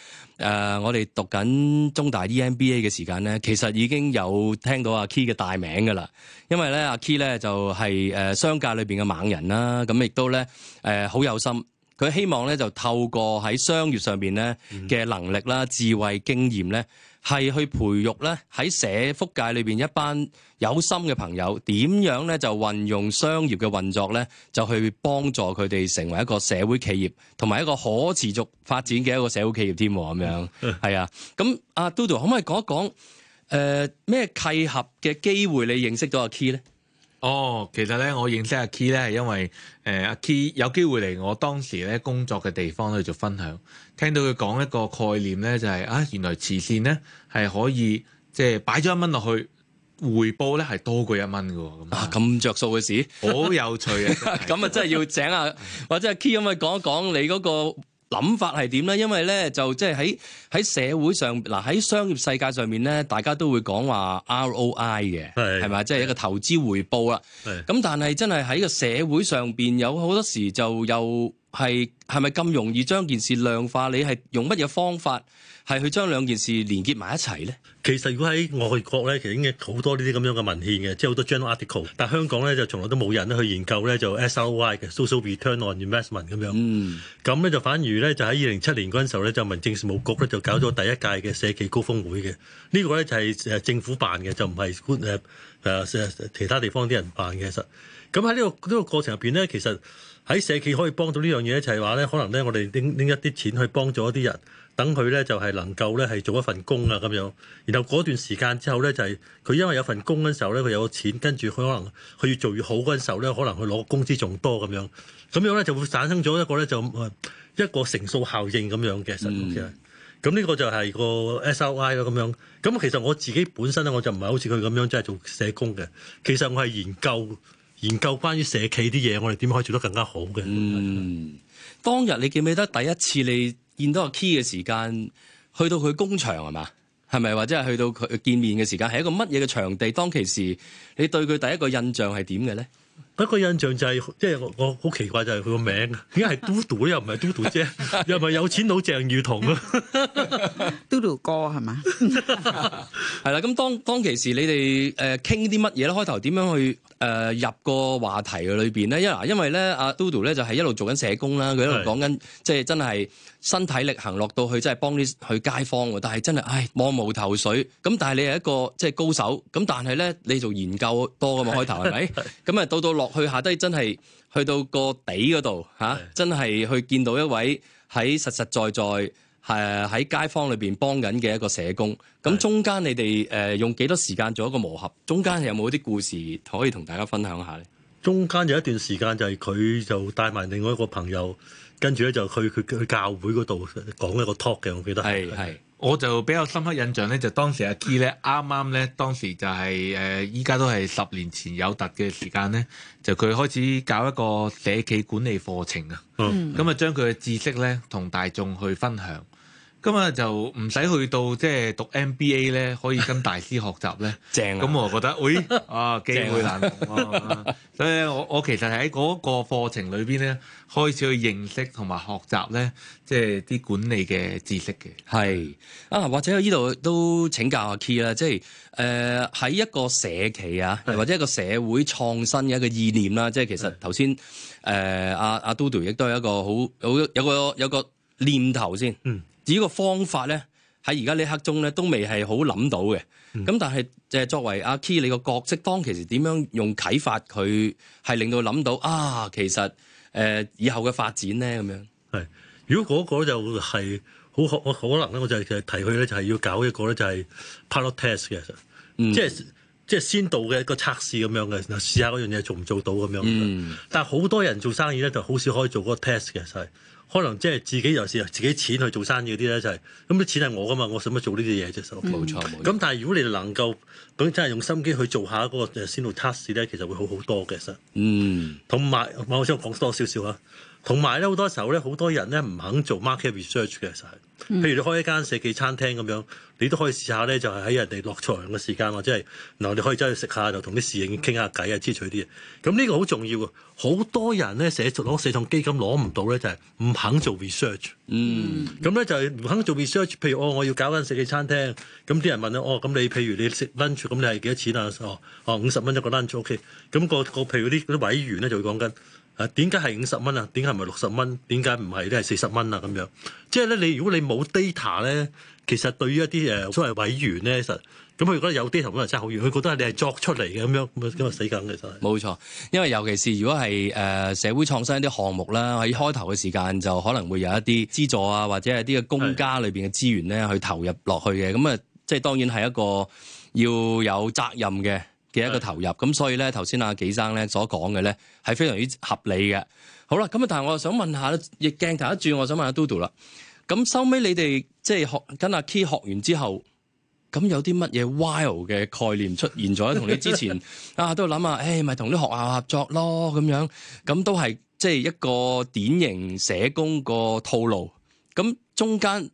誒、呃，我哋讀緊中大 EMBA 嘅時間咧，其實已經有聽到阿 Key 嘅大名㗎喇。因為咧，阿 Key 咧就係、是、誒、呃、商界裏邊嘅猛人啦。咁亦都咧，誒好有心，佢希望咧就透過喺商業上邊咧嘅能力啦、智慧經驗咧。係去培育咧喺社福界裏邊一班有心嘅朋友，點樣咧就運用商業嘅運作咧，就去幫助佢哋成為一個社會企業，同埋一個可持續發展嘅一個社會企業添咁樣。係 啊，咁阿 Dodo 可唔可以講一講誒咩契合嘅機會你認識到阿 Key 咧？哦，其實咧我認識阿 Key 咧係因為誒、呃、阿 Key 有機會嚟我當時咧工作嘅地方去做分享。聽到佢講一個概念咧、就是，就係啊，原來慈善咧係可以即係擺咗一蚊落去，回報咧係多過一蚊嘅咁啊！咁着數嘅事，好有趣啊！咁啊，真係要請啊，或者阿 Key 咁啊講一講你嗰個諗法係點咧？因為咧就即係喺喺社會上嗱喺商業世界上面咧，大家都會講話 ROI 嘅的，係咪即係一個投資回報啦。咁的的但係真係喺個社會上邊有好多時就又。係係咪咁容易將件事量化？你係用乜嘢方法係去將兩件事連結埋一齊咧？其實如果喺外國咧，其實好多呢啲咁樣嘅文獻嘅，即係好多 journal article。但香港咧就從來都冇人去研究咧就 SROI 嘅 social return on investment 咁樣。嗯，咁咧就反而咧就喺二零七年嗰陣時候咧就民政事務局咧就搞咗第一屆嘅社企高峰會嘅。呢、嗯、個咧就係誒政府辦嘅，就唔係誒誒其他地方啲人辦嘅、這個這個。其實咁喺呢個呢個過程入邊咧，其實。喺社企可以幫到呢樣嘢就係話咧，可能咧我哋拎拎一啲錢去幫助一啲人，等佢咧就係能夠咧係做一份工啊咁樣。然後嗰段時間之後咧就係、是、佢因為有份工嗰陣時候咧佢有錢，跟住佢可能佢越做越好嗰陣時候咧可能佢攞嘅工資仲多咁樣。咁樣咧就會產生咗一個咧就一個乘數效應咁樣嘅實質。咁呢、嗯、個就係個 SROI 咯咁樣。咁其實我自己本身咧我就唔係好似佢咁樣即係、就是、做社工嘅，其實我係研究。研究關於社企啲嘢，我哋點可以做得更加好嘅？嗯，當日你記唔記得第一次你見到阿 Key 嘅時間，去到佢工場係嘛？係咪或者係去到佢見面嘅時間？係一個乜嘢嘅場地？當其時你對佢第一個印象係點嘅咧？不過印象就係即係我好奇怪，就係佢個名啊，點解係嘟嘟，又唔係嘟嘟啫？又唔係有錢佬鄭裕彤啊，嘟嘟哥係咪？係啦，咁當當其時你哋誒傾啲乜嘢咧？開頭點樣去誒、呃、入個話題裏邊咧？因為嗱，因為咧阿嘟嘟咧就係一路做緊社工啦，佢一路講緊即係真係身體力行落到去，真係幫你去街坊喎。但係真係唉望無頭水咁，但係你係一個即係高手咁，但係咧你做研究多嘅嘛，開頭係咪？咁啊到到落。一落去下低真係去到個底嗰度吓，啊、是的 真係去見到一位喺實實在在誒喺、呃、街坊裏邊幫緊嘅一個社工。咁是的 中間你哋誒、呃、用幾多時間做一個磨合？中間有冇一啲故事可以同大家分享下咧？中間有一段時間就係佢就帶埋另外一個朋友，跟住咧就去去去教會嗰度講一個 talk 嘅，我記得係。我就比較深刻印象呢，就當時阿 K 呢啱啱呢，當時就係、是、誒，依、呃、家都係十年前有突嘅時間呢，就佢開始搞一個社企管理課程啊，咁啊將佢嘅知識呢，同大眾去分享。咁啊，就唔使去到即係讀 MBA 咧，可以跟大師學習咧。 正咁、啊，我覺得，喂正、啊，啊，機會難得。所以我，我我其實喺嗰個課程裏邊咧，開始去認識同埋學習咧，即係啲管理嘅知識嘅。係啊，或者喺呢度都請教阿 Key 啦，即係誒喺一個社企啊，或者一個社會創新嘅一個意念啦。是的 即係其實頭先誒阿阿 Dodo 亦都有一個好有個有個有個念頭先。嗯。 依個方法咧，喺而家呢刻中咧都未係好諗到嘅。咁、嗯、但係，誒作為阿 Key 你個角色，當其時點樣用啟發佢，係令到諗到啊，其實誒、呃、以後嘅發展咧咁樣。係，如果嗰個就係好可可能咧，我就其實提佢咧就係要搞一個咧就係 pilot test 嘅，即係即係先導嘅一個測試咁樣嘅，嗱，試下嗰樣嘢做唔做到咁樣。嗯、但係好多人做生意咧就好少可以做嗰個 test 嘅，其、就、實、係可能即係自己又是自己錢去做生意啲咧，就是，就係咁啲錢係我噶嘛，我使乜做呢啲嘢啫？冇錯，嗯。咁但係如果你能夠咁真係用心機去做下嗰個先導測試咧，其實會好好多嘅。其實，嗯，同埋我想講多少少啊。同埋咧，好多時候咧，好多人咧唔肯做 market research 嘅，其實，譬如你開一間社企餐廳咁樣，你都可以試下咧，就係喺人哋落場嘅時間，或者係，嗱，你可以走去食下，就同啲侍應傾下偈啊，諮詢啲嘢。咁呢個好重要啊，好多人咧成日攞社創基金攞唔到咧，就係唔肯做 research。嗯，咁咧就係唔肯做 research。譬如哦，我要搞間社企餐廳，咁啲人問你，哦，咁你譬如你食 lunch，咁你係幾多錢啊？哦，哦，五十蚊一個 lunch，OK。咁個個譬如嗰啲啲委員咧就會講緊。啊，點解係五十蚊啊？點解唔係六十蚊？點解唔係都係四十蚊啊？咁樣，即係咧，你如果你冇 data 咧，其實對於一啲誒所謂委員咧，其實咁佢覺得有 data 可能真係好遠，佢覺得你係作出嚟嘅。咁樣咁啊死梗其實冇錯。因為尤其是如果係誒社會創新啲項目啦，喺開頭嘅時間就可能會有一啲資助啊，或者係啲嘅公家裏邊嘅資源咧去投入落去嘅，咁啊的，即係當然係一個要有責任嘅。嘅一個投入，咁所以咧，頭先啊阿紀生咧所講嘅咧，係非常之合理嘅。好啦，咁啊，但係我啊想問下，亦鏡頭一轉，我想問下 Dodo 啦。咁收尾你哋即係學跟阿 Key 學完之後，咁有啲乜嘢 wild 嘅概念出現咗？同你之前 啊都諗下，誒咪同啲學校合作咯咁樣，咁都係即係一個典型社工個套路。咁中間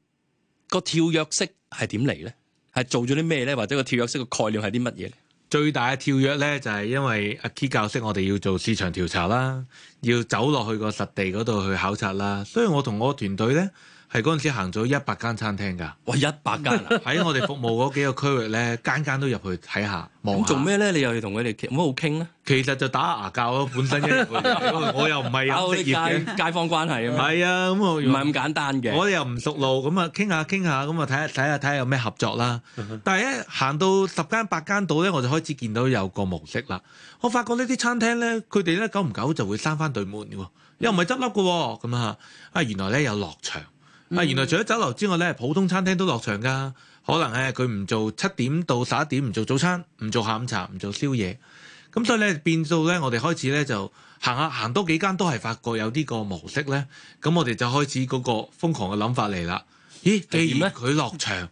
個跳躍式係點嚟咧？係做咗啲咩咧？或者個跳躍式個概念係啲乜嘢咧？最大嘅跳躍呢，就係、是、因為阿 Key 教識我哋要做市場調查啦，要走落去個實地嗰度去考察啦。所以我同我個團隊呢，係嗰陣時行咗一百間餐廳㗎，哇間！一百間喇，喺我哋服務嗰幾個區域咧，間間都入去睇下，望。咁做咩咧？你又要同佢哋傾，乜好傾咧？其實就打牙教咯，本身一 我又唔係有職業嘅，街坊關係 啊。係啊，咁啊，唔係咁簡單嘅。我哋又唔熟路，咁啊傾下傾下，咁啊睇下睇下睇下有咩合作啦。 但係咧行到十間八間度咧，我就開始見到有個模式啦。我發覺呢啲餐廳咧，佢哋咧久唔久就會閂翻對門喎，又唔係執笠嘅喎，咁啊啊原來咧有落場。啊！原來除咗酒樓之外咧，普通餐廳都落場噶。可能係佢唔做七點到十一點，唔做早餐，唔做下午茶，唔做宵夜。咁所以咧，變到咧，我哋開始咧就行下行，行多幾間，都係發覺有呢個模式咧。咁我哋就開始嗰個瘋狂嘅諗法嚟啦。咦？既然佢落場，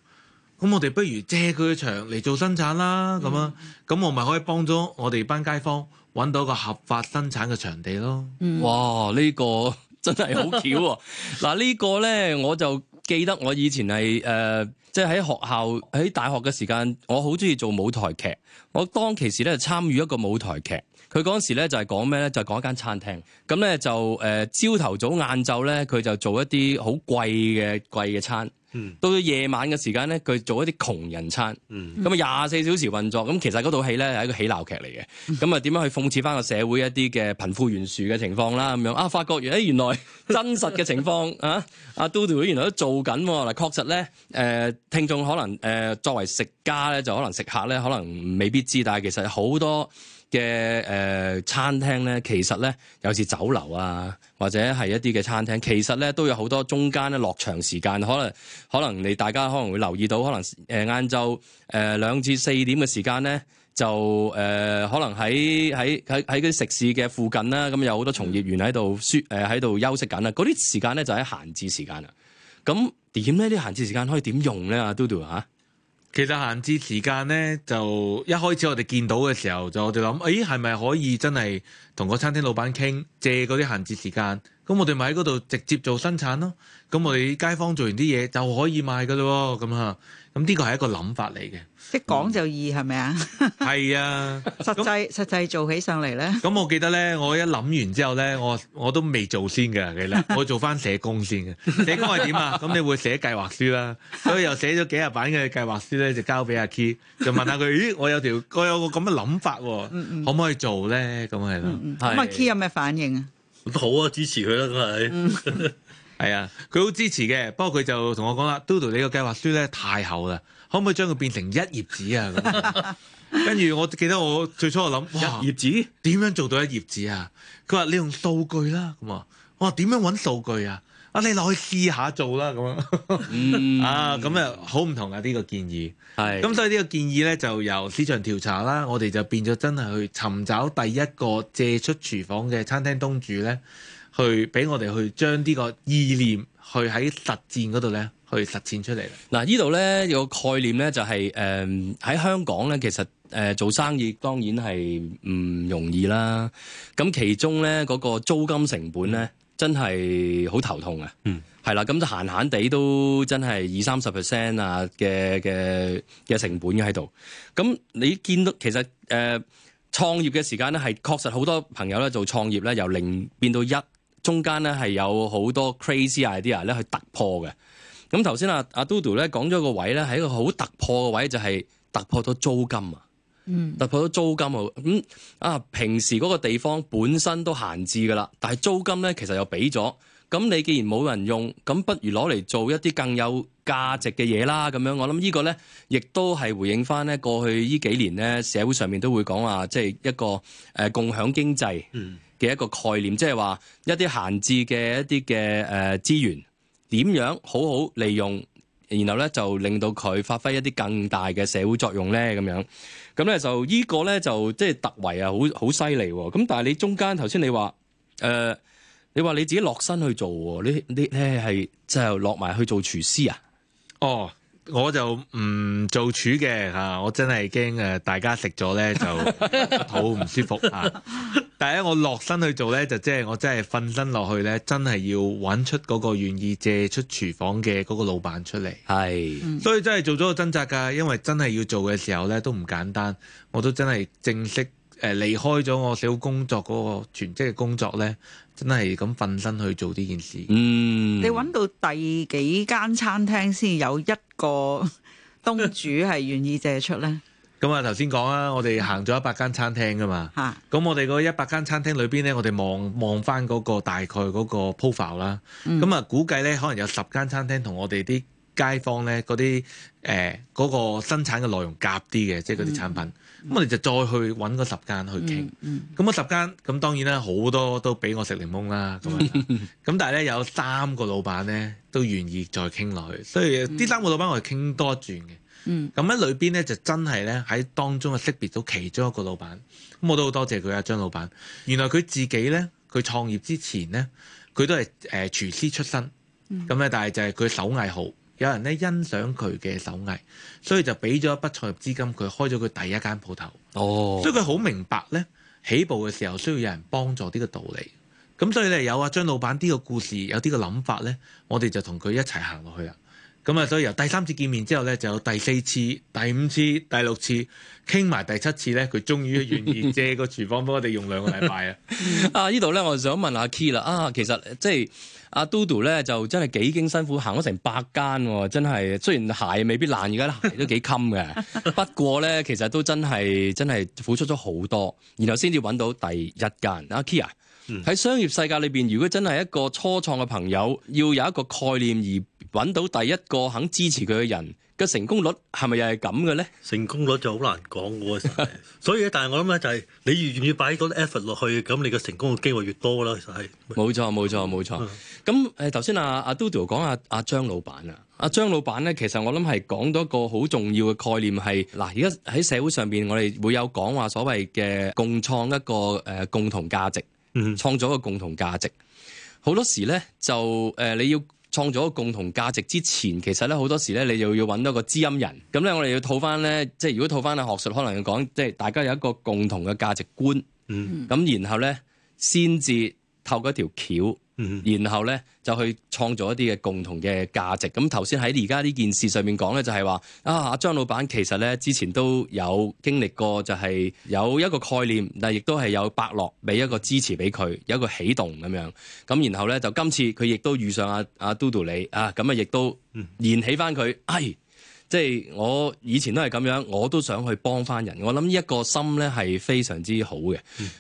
咁嗎我哋不如借佢嘅場嚟做生產啦。咁啊、嗯，咁我咪可以幫咗我哋班街坊揾到個合法生產嘅場地咯。嗯、哇！呢、這個～真係好巧嗱！ 個呢個咧我就記得我以前係誒，即係喺學校喺大學嘅時間，我好中意做舞台劇。我當其時咧參與一個舞台劇，佢嗰時咧就係講咩咧？就講、係就係、一間餐廳咁咧就誒，朝、呃、頭早晏晝咧佢就做一啲好貴嘅貴嘅餐。到咗夜晚嘅時間咧，佢做一啲窮人餐，咁啊廿四小時運作，咁其實嗰套戲咧係一個喜鬧劇嚟嘅，咁啊點樣去諷刺翻個社會一啲嘅貧富懸殊嘅情況啦？咁樣啊，發覺原誒、欸、原來真實嘅情況 啊，阿 Dodo 原來都做緊嗱，確實咧誒、呃，聽眾可能誒、呃、作為食家咧，就可能食客咧，可能未必知，但係其實好多。嘅誒、呃、餐廳咧，其實咧有時酒樓啊，或者係一啲嘅餐廳，其實咧都有好多中間咧落場時間，可能可能你大家可能會留意到，可能誒晏晝誒兩至四點嘅時間咧，就誒、呃、可能喺喺喺喺啲食肆嘅附近啦、啊，咁、嗯、有好多從業員喺度舒誒喺度休息緊啦。嗰、啊、啲時間咧就係、是、閒置時間啦。咁點呢啲閒置時間可以點用咧？啊，Dodo 嚇。其實閒置時間呢，就一開始我哋見到嘅時候，就我哋諗，誒係咪可以真係同個餐廳老闆傾借嗰啲閒置時間？咁我哋咪喺嗰度直接做生產咯。咁我哋街坊做完啲嘢就可以賣噶啦喎。咁啊～咁呢個係一個諗法嚟嘅，即講就易係咪啊？係啊，實際實際做起上嚟咧。咁 我記得咧，我一諗完之後咧，我我都未做先嘅，其實我做翻社工先嘅，社 工係點啊？咁你會寫計劃書啦，所以又寫咗幾日版嘅計劃書咧，就交俾阿 Key，就問下佢：咦，我有條，我有個咁嘅諗法， 可唔可以做咧？咁係咯。咁阿 Key 有咩反應啊？好啊，支持佢啦，咁係。 係啊，佢好支持嘅，不過佢就同我講啦，Dodo 你個計劃書咧太厚啦，可唔可以將佢變成一頁紙啊？ 跟住我記得我最初我諗，哇，一頁紙點樣做到一頁紙啊？佢話你用數據啦，咁啊，我話點樣搵數據啊？啊，你落去試下做啦，咁啊，咁、嗯、啊好唔同啊呢個建議、啊，咁的、啊、所以呢個建議咧就由市場調查啦，我哋就變咗真係去尋找第一個借出廚房嘅餐廳東主咧。去俾我哋去將呢個意念去喺實踐嗰度咧，去實踐出嚟。嗱，呢度咧有個概念咧，就係誒喺香港咧，其實誒、呃、做生意當然係唔容易啦。咁其中咧嗰、嗰個租金成本咧，真係好頭痛呀。嗯，係啦，咁就閒閒地都真係二三十 percent 啊嘅嘅嘅成本嘅喺度。咁你見到其實誒、呃、創業嘅時間咧，係確實好多朋友咧做創業咧，由零變到一。中間咧係有好多 crazy idea 咧去突破嘅。咁頭先阿阿 Dodo 咧講咗個位咧，係一個好突破嘅位，就係、是、突破到租金啊！嗯、突破到租金咁、嗯、啊，平時嗰個地方本身都閒置噶啦，但係租金咧其實又俾咗。咁你既然冇人用，咁不如攞嚟做一啲更有價值嘅嘢啦。咁樣我諗呢個咧，亦都係回應翻咧過去呢幾年咧社會上面都會講話，即、就、係、是、一個誒、呃、共享經濟。嗯嘅一個概念，即係話一啲閒置嘅一啲嘅誒資源，點樣好好利用，然後咧就令到佢發揮一啲更大嘅社會作用咧，咁樣，咁咧、這個、就依個咧就即係突圍啊，好好犀利喎！咁但係你中間頭先你話誒、呃，你話你自己落身去做喎，你你你係就落埋去做廚師啊？哦。我就唔做廚嘅吓，我真係驚誒大家食咗呢就好唔舒服吓。 但係我落身去做呢，就即係我真係瞓身落去呢，真係要揾出嗰個願意借出廚房嘅嗰個老闆出嚟。係是，所以真係做咗個掙扎噶，因為真係要做嘅時候呢都唔簡單，我都真係正式誒離開咗我小工作嗰個全職嘅工作呢。真係咁瞓身去做呢件事。嗯，你揾到第幾間餐廳先有一個東主係願意借出咧？咁啊，頭先講啊，我哋行咗一百間餐廳噶嘛。嚇、啊，咁我哋嗰一百間餐廳裏邊咧，我哋望望翻嗰個大概嗰個 profile 啦。咁啊、嗯，估計咧可能有十間餐廳同我哋啲街坊咧嗰啲誒嗰個生產嘅內容夾啲嘅，即係嗰啲產品。咁我哋就再去揾嗰十間去傾，咁嗰、嗯嗯、十間咁當然咧好多都俾我食檸檬啦，咁、啊、 但係咧有三個老闆咧都願意再傾落去，所以呢三個老闆我哋傾多轉嘅，咁喺裏邊咧就真係咧喺當中嘅識別到其中一個老闆，咁我都好多謝佢啊張老闆，原來佢自己咧佢創業之前咧佢都係誒廚師出身，咁咧、嗯嗯、但係就係佢手藝好。有人咧欣賞佢嘅手藝，所以就俾咗一筆創業資金，佢開咗佢第一間鋪頭。哦，oh。所以佢好明白咧，起步嘅時候需要有人幫助呢個道理。咁所以咧有阿張老闆呢個故事，有啲個諗法咧，我哋就同佢一齊行落去啦。咁啊、嗯，所以由第三次見面之後咧，就有第四次、第五次、第六次傾埋第七次咧，佢終於願意借個廚房幫我哋用兩個禮拜 啊！啊，呢度咧，我想問阿 Key 啦啊，其實即係、啊、阿 Dodo 咧，就真係幾經辛苦行咗成百間、哦，真係雖然鞋未必爛，而家都幾襟嘅。 不過咧，其實都真係真係付出咗好多，然後先至揾到第一間。阿 Key 啊，喺、嗯、商業世界裏邊，如果真係一個初創嘅朋友，要有一個概念而。揾到第一個肯支持佢嘅人嘅成功率係咪又係咁嘅咧？成功率就好難講嘅喎， 所以但係我諗咧就係你越願意擺多啲 effort 落去，咁你嘅成功嘅機會越多啦。其實係冇錯，冇錯，冇錯。咁誒，頭先阿阿 Dodo 講阿阿張老闆啊，阿、啊、張、啊啊、老闆咧、啊，其實我諗係講到一個好重要嘅概念係嗱，而家喺社會上邊，我哋會有講話所謂嘅共創一個誒、呃、共同價值，嗯，創造一個共同價值，好、嗯、哼多時咧就誒、呃、你要。呃你要創造共同價值之前，其實咧好多時咧，你又要搵到一個知音人。咁咧，我哋要套返咧，即係如果套返喺學術，可能要講，即係大家有一個共同嘅價值觀。嗯。咁然後咧，先至透過一條橋。嗯，然後咧就去創造一啲嘅共同嘅價值。咁頭先喺而家呢件事上面講咧，就係話啊，張老闆其實咧之前都有經歷過，就係有一個概念，但亦都係有伯樂俾一個支持俾佢，有一個起動咁樣。咁然後咧就今次佢亦都遇上阿阿嘟嘟你啊，咁啊亦都、啊、燃起返佢係。哎即係我以前都係咁樣，我都想去幫翻人。我諗呢一個心咧係非常之好嘅。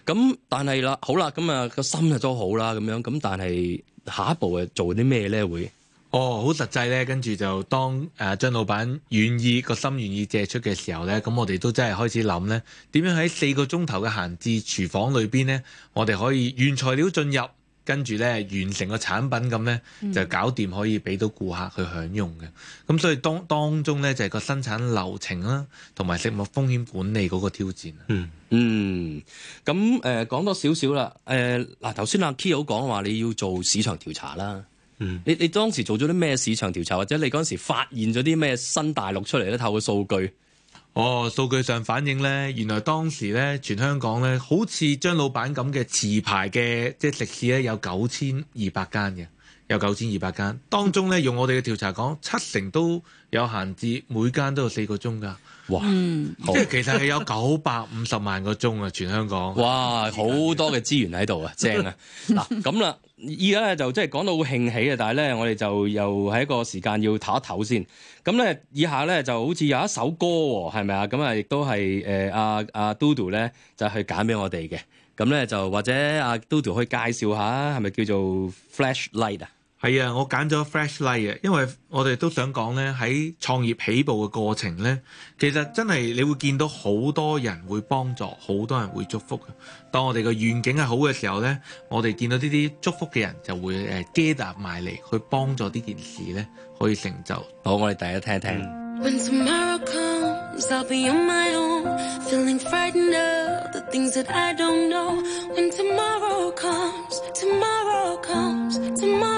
咁、嗯、但係啦，好啦，咁、那、啊個心就都好啦，咁樣咁，但係下一步係做啲咩咧會？哦，好實際咧，跟住就當誒張老闆願意個心願意借出嘅時候咧，咁我哋都真係開始諗咧點樣喺四個鐘頭嘅閒置廚房裏邊咧，我哋可以原材料進入。跟住咧完成個產品咁咧就搞掂，可以俾到顧客去享用嘅。咁所以當當中咧就係、是、個生產流程啦、啊，同埋食物風險管理嗰個挑戰、啊嗯。嗯嗯。咁誒、呃、講多少少啦。誒嗱頭先阿 Kia 講話你要做市場調查啦。嗯。你你當時做咗啲咩市場調查，或者你嗰陣時發現咗啲咩新大陸出嚟咧？透過數據。哦，數據上反映呢，原來當時呢，全香港呢，好似張老闆咁嘅持牌嘅即係食肆呢，有九千二百間嘅，有九千二百間，當中呢，用我哋嘅調查講，七成都有閒置，每間都有四個鐘㗎。哇！嗯，好，即係其實係有九百五十萬個鐘啊，全香港。哇，好 多嘅資源喺度啊， 正啊！嗱，咁啦。 依家咧就即係講到好興起啊！但係咧，我哋就又喺一個時間要唞一唞先。咁、嗯、咧，以下咧就好似有一首歌喎、哦，係咪、嗯呃、啊？咁啊，亦都係誒阿阿嘟嘟咧就去揀俾我哋嘅。咁、嗯、咧、嗯、就或者阿嘟嘟可以去介紹下，係咪叫做 Flashlight 啊？係啊，我揀咗 Fresh Light 啊，因為我哋都想講咧，喺創業起步嘅過程咧，其實真係你會見到好多人會幫助，好多人會祝福嘅。當我哋個願景係好嘅時候咧，我哋見到呢啲祝福嘅人就會誒 gather 埋嚟，去、呃、幫助呢件事咧可以成就。攞我哋大家聽聽。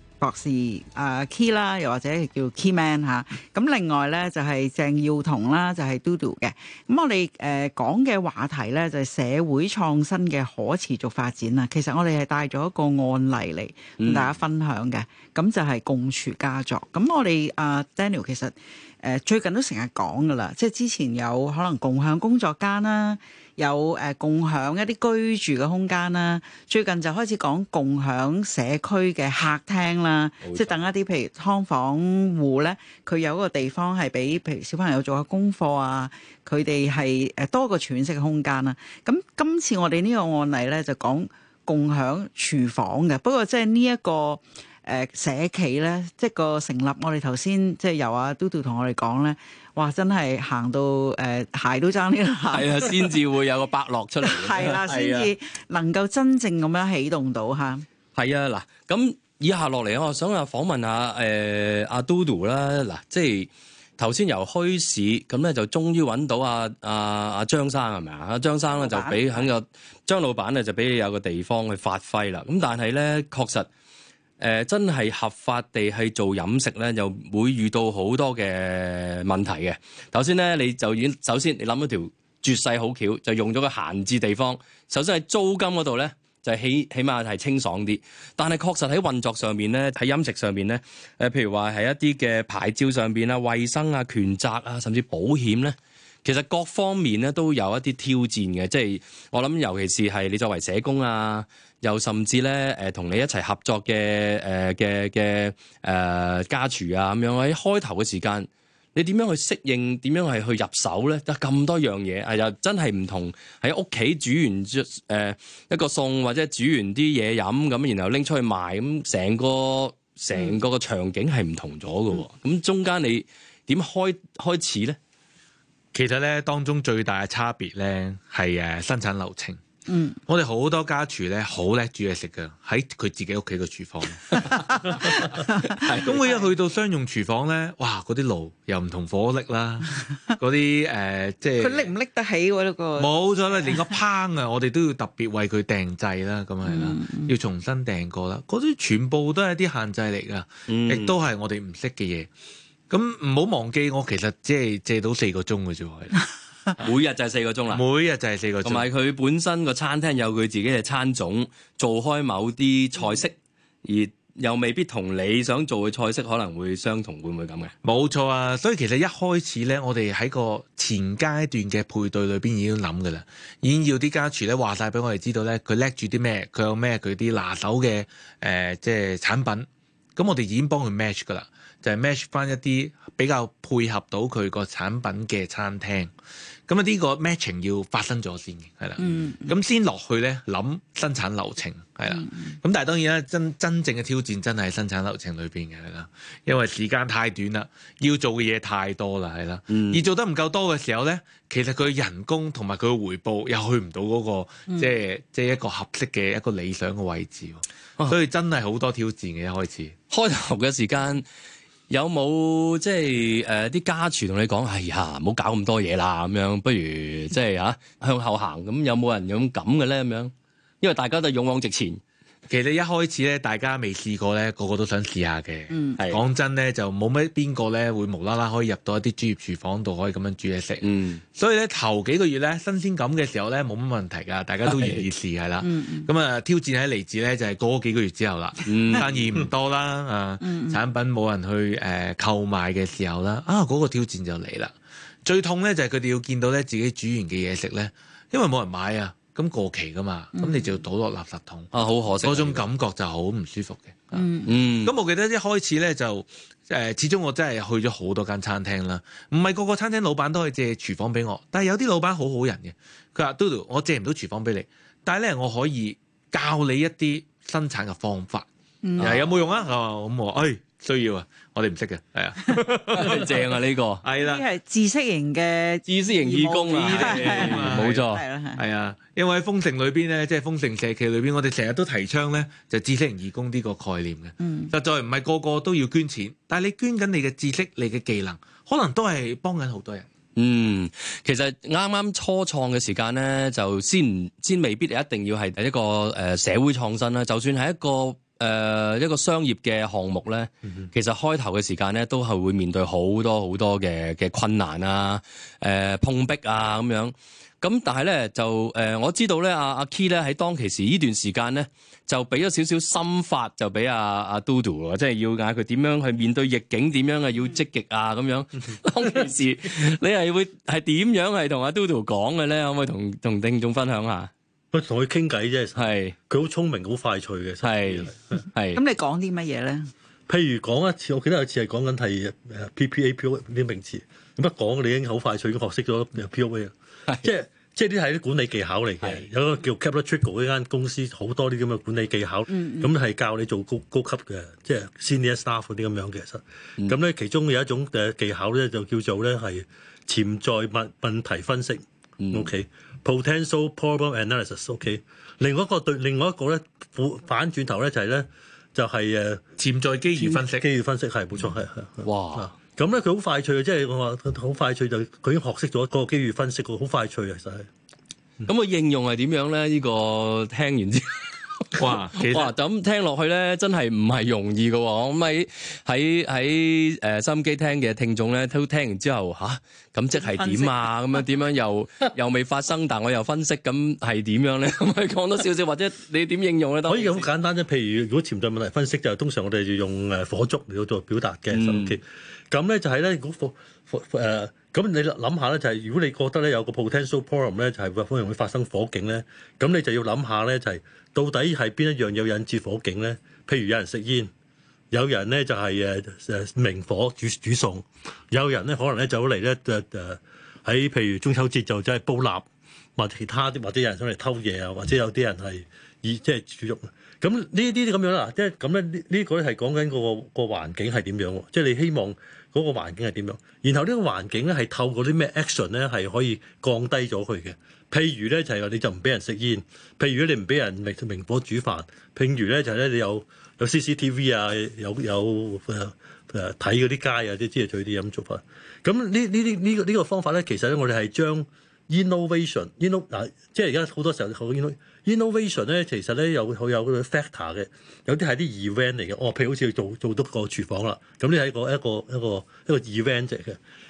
博士啊、uh,，key 啦，又或者叫 key man 吓、啊。咁另外咧就係、是、鄭耀彤啦，就係 Dodo 嘅。咁我哋誒、uh, 講嘅話題咧就係、是、社會創新嘅可持續發展啊。其實我哋係帶咗一個案例嚟同大家分享嘅，咁、mm. 就係共廚家作。咁我哋啊、uh, Daniel 其實。誒最近都成日講噶啦，即係之前有可能共享工作間啦，有誒共享一啲居住嘅空間啦。最近就開始講共享社區嘅客廳啦，冇錯。即係等一啲譬如劏房戶咧，佢有一個地方係俾譬如小朋友做下功課啊，佢哋係誒多個喘息嘅空間啦。咁今次我哋呢個案例咧就講共享廚房嘅，不過即係呢一個。誒社企咧，即係個成立，我哋頭先即係由阿嘟嘟同我哋講咧，哇！真係行到誒，鞋、呃、都爭啲鞋，先至會有個伯樂出嚟，係、 啊、啦，先至能夠真正咁樣啟動到嚇。係啊，嗱，咁以下落嚟，我想啊訪問下誒、呃、阿嘟嘟啦。嗱，即係頭先由墟市，咁咧就終於揾到阿阿阿張生係咪啊？張生咧、啊、就俾肯個張老闆咧就俾你有個地方去發揮啦。咁但係咧，確實。確實誒、呃、真係合法地去做飲食咧，又會遇到好多嘅問題嘅。頭先咧，你就已經首先你諗一條絕世好橋，就用咗個閒置地方。首先係租金嗰度咧，就起起碼係清爽啲。但係確實喺運作上面咧，喺飲食上面咧，誒譬如話喺一啲嘅牌照上邊啊、衞生啊、權責啊，甚至保險咧，其實各方面咧都有一啲挑戰嘅。即係我諗，尤其是係你作為社工啊。又甚至咧，誒，同你一齊合作嘅，誒、呃，嘅嘅，誒、呃，家廚啊，咁樣喺開頭嘅時間，你點樣去適應？點樣係去入手咧？咁多樣嘢，係又真係唔同。喺屋企煮完，誒，一個餸或者煮完啲嘢飲，咁然後拎出去賣，咁成個成個嘅場景係唔同咗㗎。咁、嗯、中間你點開開始咧？其實咧，當中最大嘅差別咧，係誒、啊、生產流程。嗯， 我哋好多家廚咧，好叻煮嘢食㗎，喺佢自己屋企個廚房。咁 佢 一去到商用廚房咧，哇，嗰啲爐又唔同火力啦，嗰啲誒，即係佢拎唔拎得起嗰、啊嗰個？冇咗啦，連個烹啊，我哋都要特別為佢訂製啦，咁係啦，要重新訂過啦，嗰啲全部都係一啲限制力噶，亦都係我哋唔識嘅嘢。咁唔好忘記，我其實即係借到四個鐘嘅啫。 每日就係四個鐘啦，每日就係四個鐘，同埋佢本身個餐廳有佢自己嘅餐種，做開某啲菜式，而又未必同你想做嘅菜式可能會相同，會唔會咁嘅？冇錯啊，所以其實一開始咧，我哋喺個前階段嘅配對裏邊已經諗噶啦，已經要啲家廚咧話晒俾我哋知道咧，佢叻住啲咩，佢有咩佢啲拿手嘅誒、呃，即係產品，咁我哋已經幫佢 match 噶啦。就係 match 翻一啲比較配合到佢個產品嘅餐廳，咁啊呢個 matching 要發生咗先嘅，係啦。咁、mm hmm. 先落去咧，諗生產流程，係啦。咁、mm hmm. 但係當然啦，真真正嘅挑戰真係喺生產流程裏邊嘅啦，因為時間太短啦，要做嘅嘢太多啦，係啦。Mm hmm. 而做得唔夠多嘅時候咧，其實佢人工同埋佢嘅回報又去唔到嗰個，mm hmm. 即係即係一個合適嘅一個理想嘅位置，啊、所以真係好多挑戰嘅一開始。開頭嘅時間。有冇即係啲、呃、家廚同你講，哎呀，唔好搞咁多嘢啦，咁樣不如即係啊向後行，咁、嗯、有冇人咁咁嘅呢？咁樣，因為大家都勇往直前。其實一開始咧，大家未試過咧，個個都想試下嘅。嗯，講真咧，就冇乜邊個咧會無啦啦可以入到一啲專業廚房度，可以咁樣煮嘢食。嗯、所以咧，頭幾個月咧，新鮮感嘅時候咧，冇乜問題㗎，大家都願意試係啦。咁啊挑戰係嚟自咧，就係、係、過幾個月之後啦，嗯、生意唔多啦啊，嗯、產品冇人去誒購、呃、買嘅時候啦，啊嗰、嗰個挑戰就嚟啦。最痛咧就係佢哋要見到咧自己煮完嘅嘢食咧，因為冇人買啊。咁過期噶嘛？咁、嗯、你就要倒落垃圾桶啊！好可惜、啊，嗰種感覺就好唔舒服嘅。嗯，咁我記得一開始咧就誒，始終我真係去咗好多間餐廳啦。唔係個個餐廳老闆都可以借廚房俾我，但係有啲老闆好好人嘅。佢話嘟嘟，oo, 我借唔到廚房俾你，但係咧我可以教你一啲生產嘅方法。嗯、有冇用啊？哦，咁、嗯，哎。需要啊！我哋唔識嘅，係啊，正啊呢個係啦，啲係對對知識型嘅知識型義工啊，冇錯，係啊，因為喺豐盛裏邊咧，即係豐盛社企裏邊，我哋成日都提倡咧，就知識型義工呢個概念嘅，嗯、實在唔係個，個個都要捐錢，但係你捐緊你嘅知識、你嘅技能，可能都係幫緊好多人。嗯，其實啱啱初創嘅時間咧，就先先未必一定要係一個誒社會創新啦，就算係一個。誒、呃、一個商業嘅項目咧，其實開頭嘅時間咧，都係會面對好多好多嘅嘅困難啊，誒、呃、碰壁啊咁樣。咁但係咧就誒、呃、我知道咧，阿阿 Key 咧喺當其時呢段時間咧，就俾咗少少心法就、啊，就俾阿阿嘟嘟即係要嗌佢點樣去面對逆境，點樣啊要積極啊咁樣。 當其時你係會係點樣係同阿嘟嘟講嘅咧？可唔可以同同聽眾分享下？我同佢傾偈啫，佢好聰明，好快脆嘅，係係。咁是是你講啲乜嘢咧？譬如講一次，我記得有一次係講緊係 P P A P O 啲名詞，乜講你已經好快脆，已經學識咗 P O A 啦是。即係即係啲係啲管理技巧嚟嘅，是有一個叫 Capital Triggle 呢間公司，好多啲咁嘅管理技巧。咁係、嗯嗯、教你做高高級嘅，即係 Senior Staff 嗰啲咁樣嘅。咁咧、嗯、其中有一種誒技巧咧，就叫做咧係潛在問問題分析。O K、嗯。嗯 Potential problem analysis，OK、okay？另外一個對，另外一個咧，反轉頭咧就係、是、咧，就係、是、誒潛在機遇分析。機遇分析係冇、嗯、錯，係係。哇！咁咧佢好快脆，即係我話好快脆，就佢、是、已經學識咗嗰個機遇分析，好快脆其實係。咁佢應用係點樣咧？呢、這個聽完之後。哇！其實哇！咁聽落去咧，真係唔係容易噶。咁喺喺喺誒，收音機聽嘅聽眾咧，都聽完之後吓咁即係點啊？咁樣點樣、啊、析樣，樣又 又未發生，但我又分析咁係 點樣咧？可可以講多少少？或者你點應用咧？可以咁簡單啫。譬如如果潛在問題分析就是、通常我哋要用誒火燭嚟到做表達嘅心咁咧就係、是、咧，如果誒咁、呃、你諗下咧，就係、是、如果你覺得咧有個 potential problem 咧，就係好容易會發生火警咧，咁你就要諗下咧，就係。到底係邊一樣有引致火警咧？譬如有人食煙，有人咧就係誒誒明火煮煮餸，有人咧可能咧走嚟咧誒誒喺譬如中秋節就真係煲蠟，或者其他啲或者有人想嚟偷嘢啊，或者有啲人係以即係煮肉。咁呢啲咁樣啦，即係咁咧呢個咧係講緊個個環境係點樣喎？即係你希望嗰個環境係點樣？然後呢個環境咧係透過啲咩 action 咧係可以降低咗佢嘅。譬如咧就係話你就唔俾人食煙，譬如你唔俾人明明火煮飯，譬如咧就係咧你有有 CCTV 啊，有、呃就是、有誒睇嗰啲街啊，即啲啊，做啲咁做法。咁呢呢啲呢個呢個方法咧，其實咧我哋係將 innovation，inno 嗱，即係而家好多時候學 inno Innovation 咧，其實咧有好有 factor 嘅，有啲係啲 event 嚟嘅。哦，譬如好似做做到個廚房啦，咁呢係一個一個一個一個 event 嘅。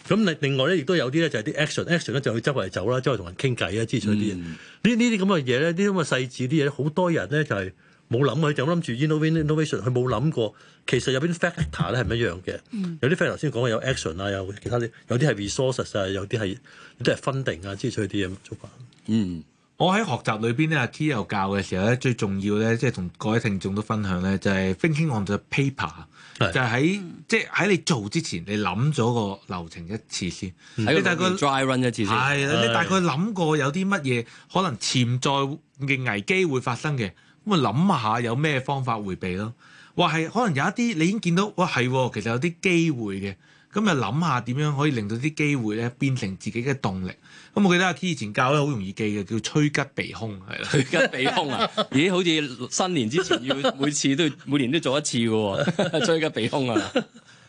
咁另另外咧，亦都有啲咧就係啲 action，action 咧就去周圍走啦，周圍同人傾偈啊，之類啲嘢。呢呢啲咁嘅嘢咧，啲咁嘅細緻啲嘢，好多人咧就係冇諗佢，就咁諗住 innovation，innovation，佢冇諗過，ation，過其實有邊啲 factor 咧係唔一樣嘅。嗯、有啲 factor 頭先講話有 action 啊，有其他啲，有啲係 resource 啊，有啲係有啲係分定啊，之類啲嘢做法。嗯。我喺學習裏邊咧，阿 Ki 教嘅時候咧，最重要咧，即係同各位聽眾都分享咧，就係、是、thinking on the paper，的就喺即係喺你做之前，你諗咗個流程一次先、嗯，你大概 dry run 一次先，係你大概諗過有啲乜嘢可能潛在嘅危機會發生嘅，咁啊諗下有咩方法回避咯，或係可能有一啲你已經見到，哇係，其實有啲機會嘅。咁啊，諗下點樣可以令到啲機會咧變成自己嘅動力？咁我記得阿 K 以前教咧好容易記嘅，叫趨吉避凶，係啦。趨吉避凶啊！咦， 好似新年之前要每次都要每年都做一次嘅喎，趨吉避凶啊！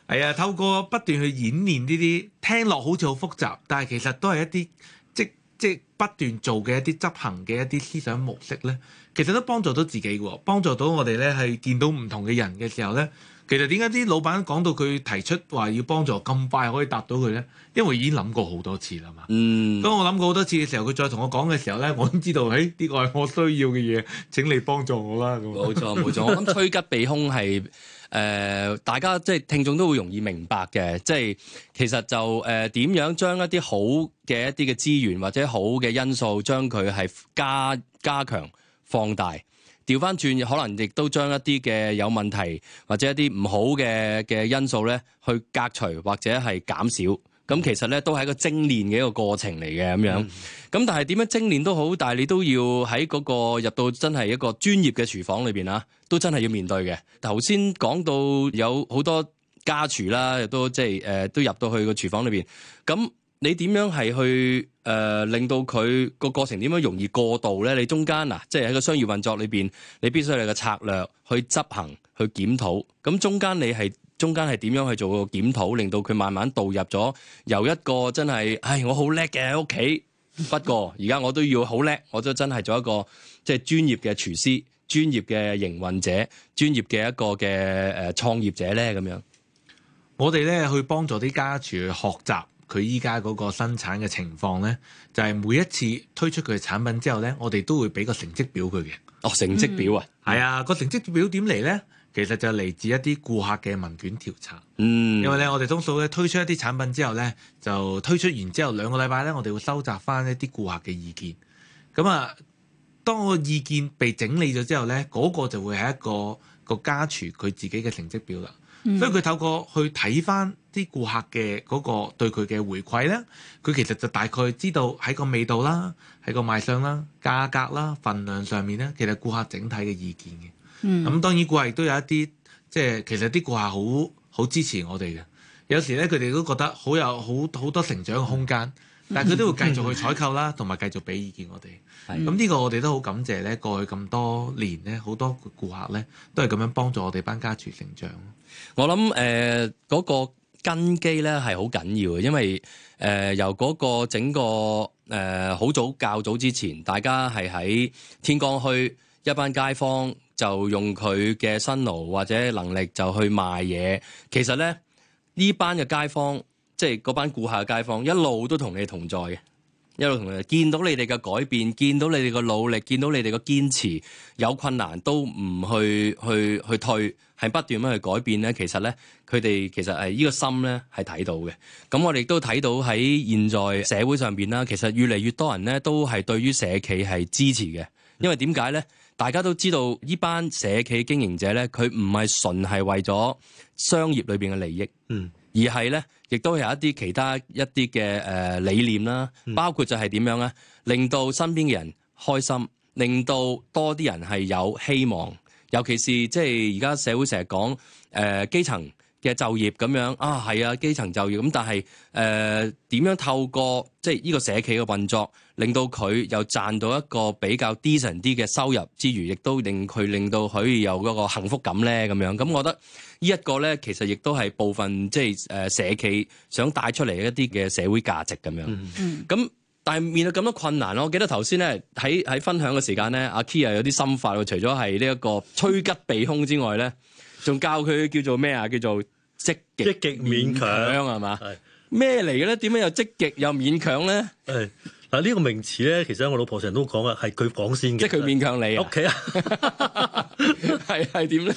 係啊，透過不斷去演練呢啲，聽落好似好複雜，但係其實都係一啲即即不斷做嘅一啲執行嘅一啲思想模式咧，其實都幫助到自己喎，幫助到我哋咧係見到唔同嘅人嘅時候咧。其實點解啲老闆講到佢提出話要幫助咁快可以答到佢咧？因為已經諗過好多次啦嘛。嗯。當我諗過好多次嘅時候，佢再同我講嘅時候咧，我都知道，誒、哎，呢個係我需要嘅嘢，請你幫助我啦。咁。冇錯，冇錯。我諗趨吉避凶係誒，大家即係聽眾都會容易明白嘅，即係其實就誒呃、點樣將一啲好嘅一啲嘅資源或者好嘅因素，將佢係加加強放大。調返轉，可能亦都將一啲嘅有問題或者一啲唔好嘅嘅因素咧，去隔除或者係減少。咁其實咧都係一個精煉嘅一個過程嚟嘅，咁樣。咁、嗯、但係點樣精煉都好，但係你都要喺嗰個入到真係一個專業嘅廚房裏邊啊，都真係要面對嘅。頭先講到有好多家廚啦，亦都即係誒，都入到去個廚房裏邊咁。你點樣係去誒、呃、令到佢個過程點樣容易過渡呢？你中間啊，即係喺個商業運作裏邊，你必須有個策略去執行、去檢討。咁中間你係中間係點樣去做個檢討，令到佢慢慢導入咗由一個真係，唉，我好叻嘅喺屋企。不過而家我都要好叻，我都真係做一個即係專業嘅廚師、專業嘅營運者、專業嘅一個嘅誒創業者呢。咁樣。我哋呢，去幫助啲家廚學習。佢依家嗰個生產嘅情況呢，就係、是、每一次推出佢嘅產品之後呢，我哋都會俾個成績表佢嘅。哦，成績表啊，係、嗯、啊，個成績表點嚟呢？其實就嚟自一啲顧客嘅問卷調查。嗯，因為呢，我哋通常咧推出一啲產品之後呢，就推出完之後兩個禮拜呢，我哋會收集翻一啲顧客嘅意見。咁、嗯、啊，當個意見被整理咗之後呢，嗰、個就會係一個一個家廚佢自己嘅成績表啦。所以佢透過去睇返啲顧客嘅嗰個對佢嘅回饋咧，佢其實就大概知道喺個味道啦、喺個賣相啦、價格啦、份量上面咧，其實顧客整體嘅意見嘅。咁、嗯、當然顧客亦都有一啲即係其實啲顧客好好支持我哋嘅，有時咧佢哋都覺得好有好好多成長嘅空間，嗯、但係佢都會繼續去採購啦，同埋繼續俾意見我哋。嗯、咁呢個我哋都好感謝咧，過去咁多年咧，好多顧客咧都係咁樣幫助我哋班家廚成長。我諗誒，嗰、呃那個根基咧係好緊要嘅，因為誒、呃、由嗰個整個誒好、呃、早較早之前，大家係喺天光墟一班街坊就用佢嘅辛勞或者能力就去賣嘢。其實咧呢班嘅街坊，即係嗰班顧客街坊，一路都同你同在嘅，一路同你見到你哋嘅改變，見到你哋嘅努力，見到你哋嘅堅持，有困難都唔去去去退。係不斷去改變咧，其實咧，佢哋其實係呢個心咧係睇到嘅。咁我哋都睇到，喺現在社會上邊啦，其實越嚟越多人咧都係對於社企係支持嘅。因為點解咧？大家都知道，呢班社企經營者咧，佢唔係純係為咗商業裏邊嘅利益，嗯，而係咧亦都有一啲其他一啲嘅誒理念啦，包括就係點樣咧，令到身邊嘅人開心，令到多啲人係有希望。尤其是即係而家社會成日講誒基層嘅就業咁樣啊，係啊，基層就業咁，但係誒點樣透過即係呢個社企嘅運作，令到佢又賺到一個比較 decent 啲嘅收入之餘，亦都令佢令到佢有嗰個幸福感咧咁樣，咁我覺得呢一個咧，其實亦都係部分即係誒社企想帶出嚟一啲嘅社會價值咁樣。咁、嗯但係面對咁多困難咯，我記得頭先咧喺喺分享嘅時間咧，阿 Key 啊，有啲心法，除咗係呢一個趨吉避凶之外咧，仲教佢叫做咩啊？叫做積極積極勉強係嘛？係咩嚟嘅咧？點解是又積極又勉強咧？係，嗱呢個名詞咧，其實我老婆成日都講啊，係佢講先嘅，即係佢勉強你啊。o 啊是。Okay. 係係點咧？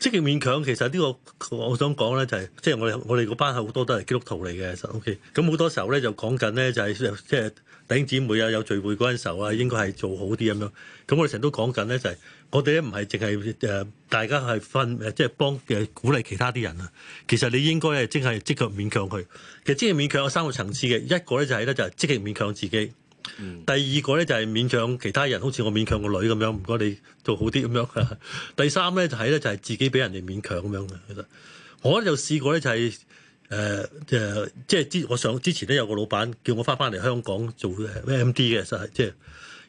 積極 勉強，其實呢個我想講咧、就是，就係即係我我哋嗰班好多都係基督徒嚟嘅，OK？咁好多時候咧、就是，就講緊咧，就係即係弟兄姊妹啊，有聚會嗰陣時候啊，應該係做好啲咁樣。咁我哋成日都講緊咧，就係我哋咧唔係淨係誒，大家係分即係幫誒鼓勵其他啲人啊。其實你應該咧，即係積極勉強佢。其實積極勉強有三個層次嘅，一個咧就係、是、咧就係積極勉強自己。嗯、第二個咧就係勉強其他人，好似我勉強個女咁樣，唔該你做好啲咁樣。第三咧就係咧就係自己俾人哋勉強咁樣嘅。其實我咧就試過咧就係誒誒，即係之我上之前咧有個老闆叫我翻翻嚟香港做 MD 嘅，實係即係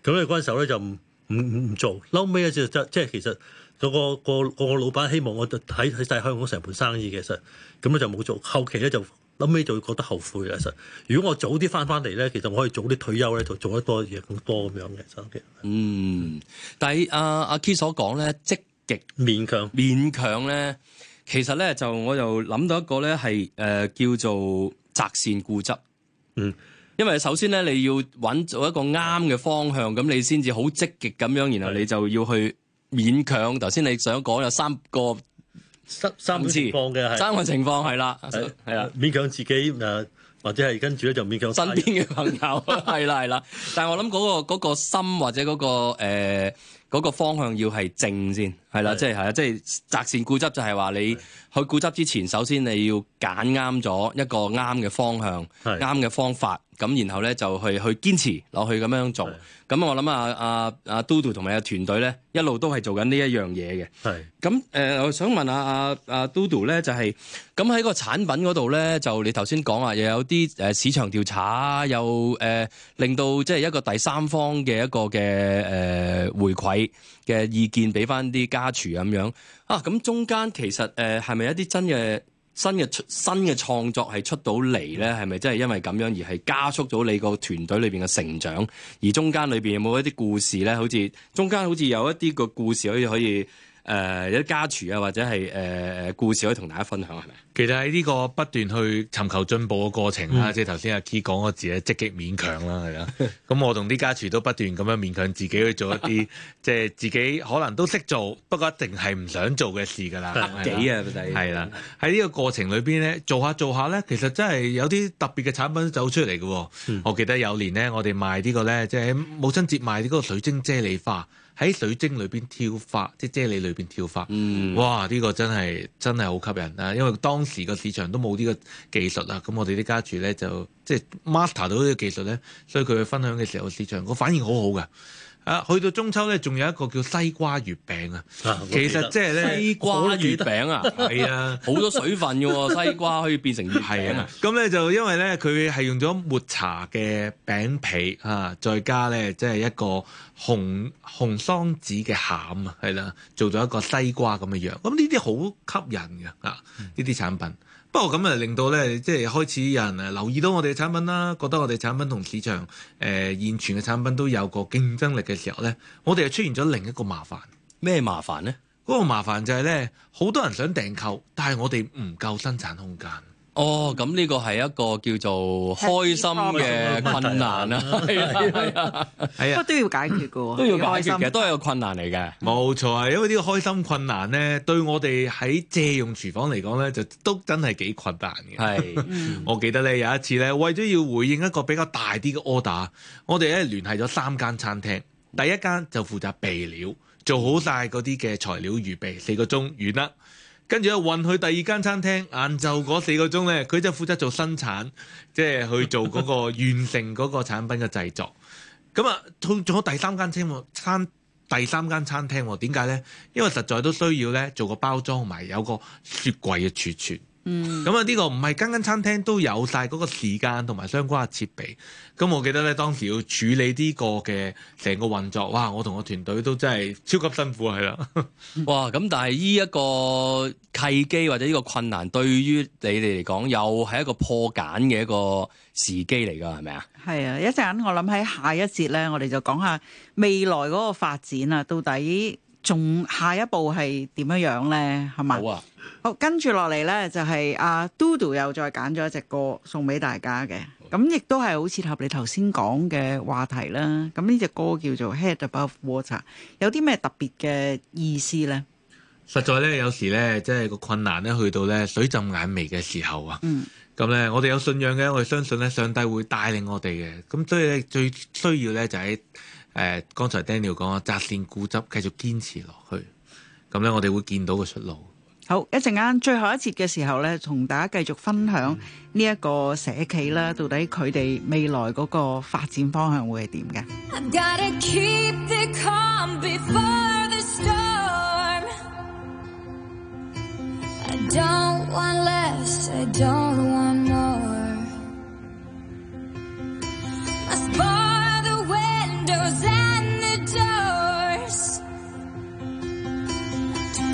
咁咧嗰陣時候咧就唔唔唔做。嬲尾咧就即係其實嗰個個個老闆希望我睇睇晒香港成盤生意嘅，實咁咧就冇做。後期咧就。諗尾就會覺得後悔嘅，其實如果我早啲翻翻嚟咧，其實我可以早啲退休咧，就做得多嘢咁多咁樣嘅，真嘅。嗯，但係阿阿 K 所講咧，積極勉強勉強咧，其實咧就我又諗到一個咧係誒叫做擇善固執。嗯，因為首先咧你要揾到一個啱嘅方向，咁你先至好積極咁樣，然後你就要去勉強。頭先的你想講有三個。三次，三個情況係啦，係啊像，是勉強自己誒，或者係跟住咧就勉強身邊嘅朋友，係啦係啦，但係我諗嗰、嗰個嗰個心或者嗰、嗰個誒嗰、呃嗰個方向要係正先。係啦，的即係係啦，的即係是擇善固執就係話你的去固執之前，首先你要揀啱咗一個啱嘅方向，啱嘅的方法，咁的然後咧就去去堅持落去咁樣做。咁的我諗啊阿啊嘟 o 同埋個團隊咧，一路都係做緊呢一樣嘢嘅。係咁誒，想問下阿阿嘟 o 咧，就係咁喺個產品嗰度咧，就你頭先講啊，又有啲誒市場調查又誒、呃、令到即係一個第三方嘅一個嘅誒、呃、回饋。嘅意見俾翻啲家廚咁樣啊，咁中間其實誒係咪一啲真嘅新嘅出新嘅創作係出到嚟咧？係咪真係因為咁樣而係加速咗你個團隊裏邊嘅成長？而中間裏邊有冇一啲故事咧？好似中間好似有一啲個故事可以可以。誒，有啲、呃、家廚啊，或者係誒誒故事可以同大家分享，係咪？其實喺呢個不斷去尋求進步嘅過程啦，嗯、即係頭先阿 Key 講個字係積極勉強啦，係啦。咁 我同啲家廚都不斷咁樣勉強自己去做一啲， 即係自己可能都識做，不過一定係唔想做嘅事噶啦，自己啊，係啦。喺呢吧 個過程裏邊咧，做下做下咧，其實真係有啲特別嘅產品走出嚟嘅。嗯、 我記得有年咧、這個，我哋賣呢個咧，即係母親節賣呢嗰個水晶啫喱花。喺水晶裏邊跳發，即係啫喱裏邊跳發，嗯、哇！呢、呢個真係真係好吸引啊！因為當時個市場都冇呢個技術啦，咁我哋啲家住呢，就即係 master 到呢個技術呢。所以佢去分享嘅時候，市場個反應好好㗎。啊，去到中秋咧，仲有一個叫西瓜月餅啊，其實即係咧西瓜，瓜月餅啊，係啊，好 多水分嘅喎， 西瓜可以變成月餅，係啊，咁咧就因為咧佢係用咗抹茶嘅餅皮啊，再加咧即係一個紅紅桑子嘅餡啊，係啦，做咗一個西瓜咁嘅樣，咁呢啲好吸引嘅啊，呢啲產品。嗯不過咁啊，令到咧即係開始有人誒留意到我哋產品啦，覺得我哋產品同市場誒、呃、現存嘅產品都有個競爭力嘅時候咧，我哋又出現咗另一個麻煩。咩麻煩呢？嗰個麻煩就係、是、咧，好多人想訂購，但係我哋唔夠生產空間。哦，咁呢個係一個叫做開心嘅困難啊。係啊， 不過 都要解決嘅喎，都要解決嘅，都係一個困難嚟嘅，冇錯啊。因為呢個開心困難呢，對我哋喺借用廚房嚟講呢，就都真係幾困難嘅。係，我記得呢有一次呢，為咗要回應一個比較大啲嘅 order，我哋呢聯繫咗三間餐廳，第一間就負責備料，做好晒嗰啲嘅材料預備，四個鐘完啦。跟住又運去第二間餐廳，晏晝嗰四個鐘呢，佢就負責做生產，即係去做嗰個完成嗰個產品嘅製作。咁啊，去咗第三間廳，餐第三間餐廳，點解呢？因為實在都需要呢，做個包裝，同埋有個雪櫃嘅儲存。嗯，咁啊呢個唔係間間餐廳都有晒嗰個時間同埋相關嘅設備，咁我記得咧當時要處理呢個嘅成個運作，哇！我同我團隊都真係超級辛苦係啦，嗯、哇！咁但係呢一個契機或者呢個困難，對於你哋嚟講，又係一個破繭嘅一個時機嚟噶，係咪啊？係啊，一陣我諗喺下一節咧，我哋就講下未來嗰個發展啊，到底。仲下一步係點樣樣咧？係嘛？好啊！好，跟住落嚟咧，就係阿嘟嘟又再揀咗一隻歌送俾大家嘅。咁亦好都係好適合你頭先講嘅話題啦。咁呢隻歌叫做 Head Above Water，有啲咩特別嘅意思咧？實在咧，有時咧，即係個困難咧，去到咧水浸眼眉嘅時候啊，咁咧、嗯，我哋有信仰嘅，我哋相信咧，上帝會帶領我哋嘅。咁所以最需要咧，就喺誒、呃，剛才 Daniel 講啊，擇善固執，繼續堅持落去，咁咧我哋會見到個出路。好，一陣間，最後一節嘅時候咧，同大家繼續分享呢一、嗯、個社企啦，到底佢哋未來嗰個發展方向會係點嘅？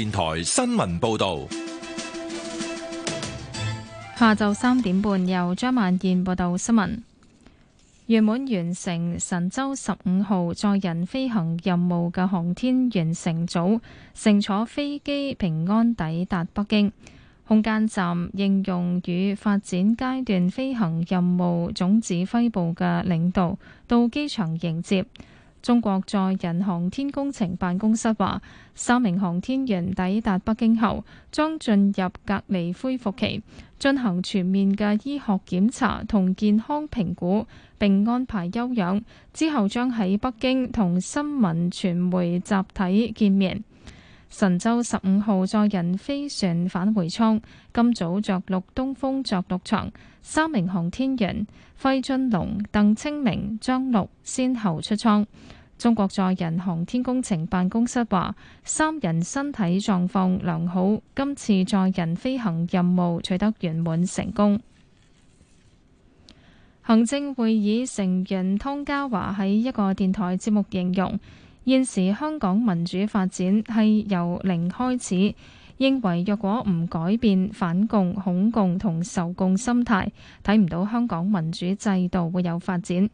電台新聞報道，下晝三點半由張曼燕報道新聞。圓滿完成神舟十五號載人飛行任務嘅航天員乘組，乘坐飛機平安抵達北京。空間站應用與發展階段飛行任務總指揮部嘅領導到機場迎接。中國載人航天工程辦公室話：三名航天員抵達北京後，將進入隔離恢復期，進行全面嘅醫學檢查同健康評估，並安排休養。之後將喺北京同新聞傳媒集體見面。神舟十五號載人飛船返回艙今早着陸，東風着陸場三名航天員費俊龍、鄧清明、張陸先後出艙。中國載人航天工程辦公室話，三人身體狀況良好，今次載人飛行任務取得圓滿成功。行政會議成員湯家驊喺一個電台節目形容。現時香港民主發展係由零開始，認為若果唔改變反共、恐共同受共心態，睇唔到香港民主制度會有發展。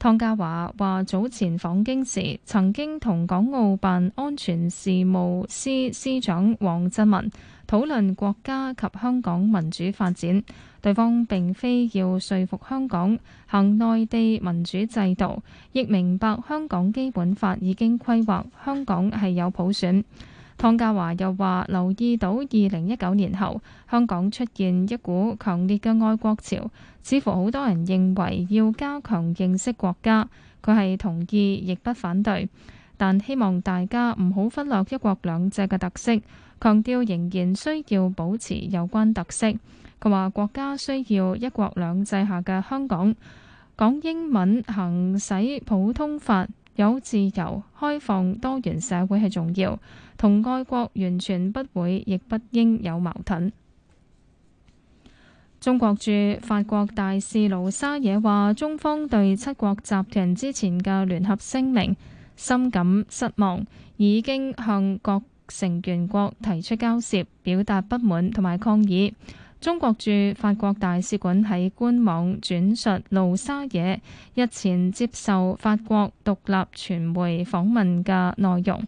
湯家驊話：早前訪京時，曾經同港澳辦安全事務司司長黃振文討論國家及香港民主發展。對方並非要說服香港行內地民主制度，亦明白香港基本法已經規劃香港係有普選。唐家華又話：留意到二零一九年後香港出現一股強烈嘅愛國潮，似乎好多人認為要加強認識國家。佢係同意亦不反對，但希望大家唔好忽略一國兩制嘅特色，強調仍然需要保持有關特色。佢話：國家需要一國兩制下嘅香港，講英文、行使普通法、有自由、開放多元社會係重要，同外國完全不會，亦不應有矛盾。中國駐法國大使盧沙野話：中方對七國集團之前嘅聯合聲明深感失望，已經向各成員國提出交涉，表達不滿同埋抗議。中國駐法國大使館喺官網轉述盧沙野日前接受法國獨立傳媒訪問嘅內容。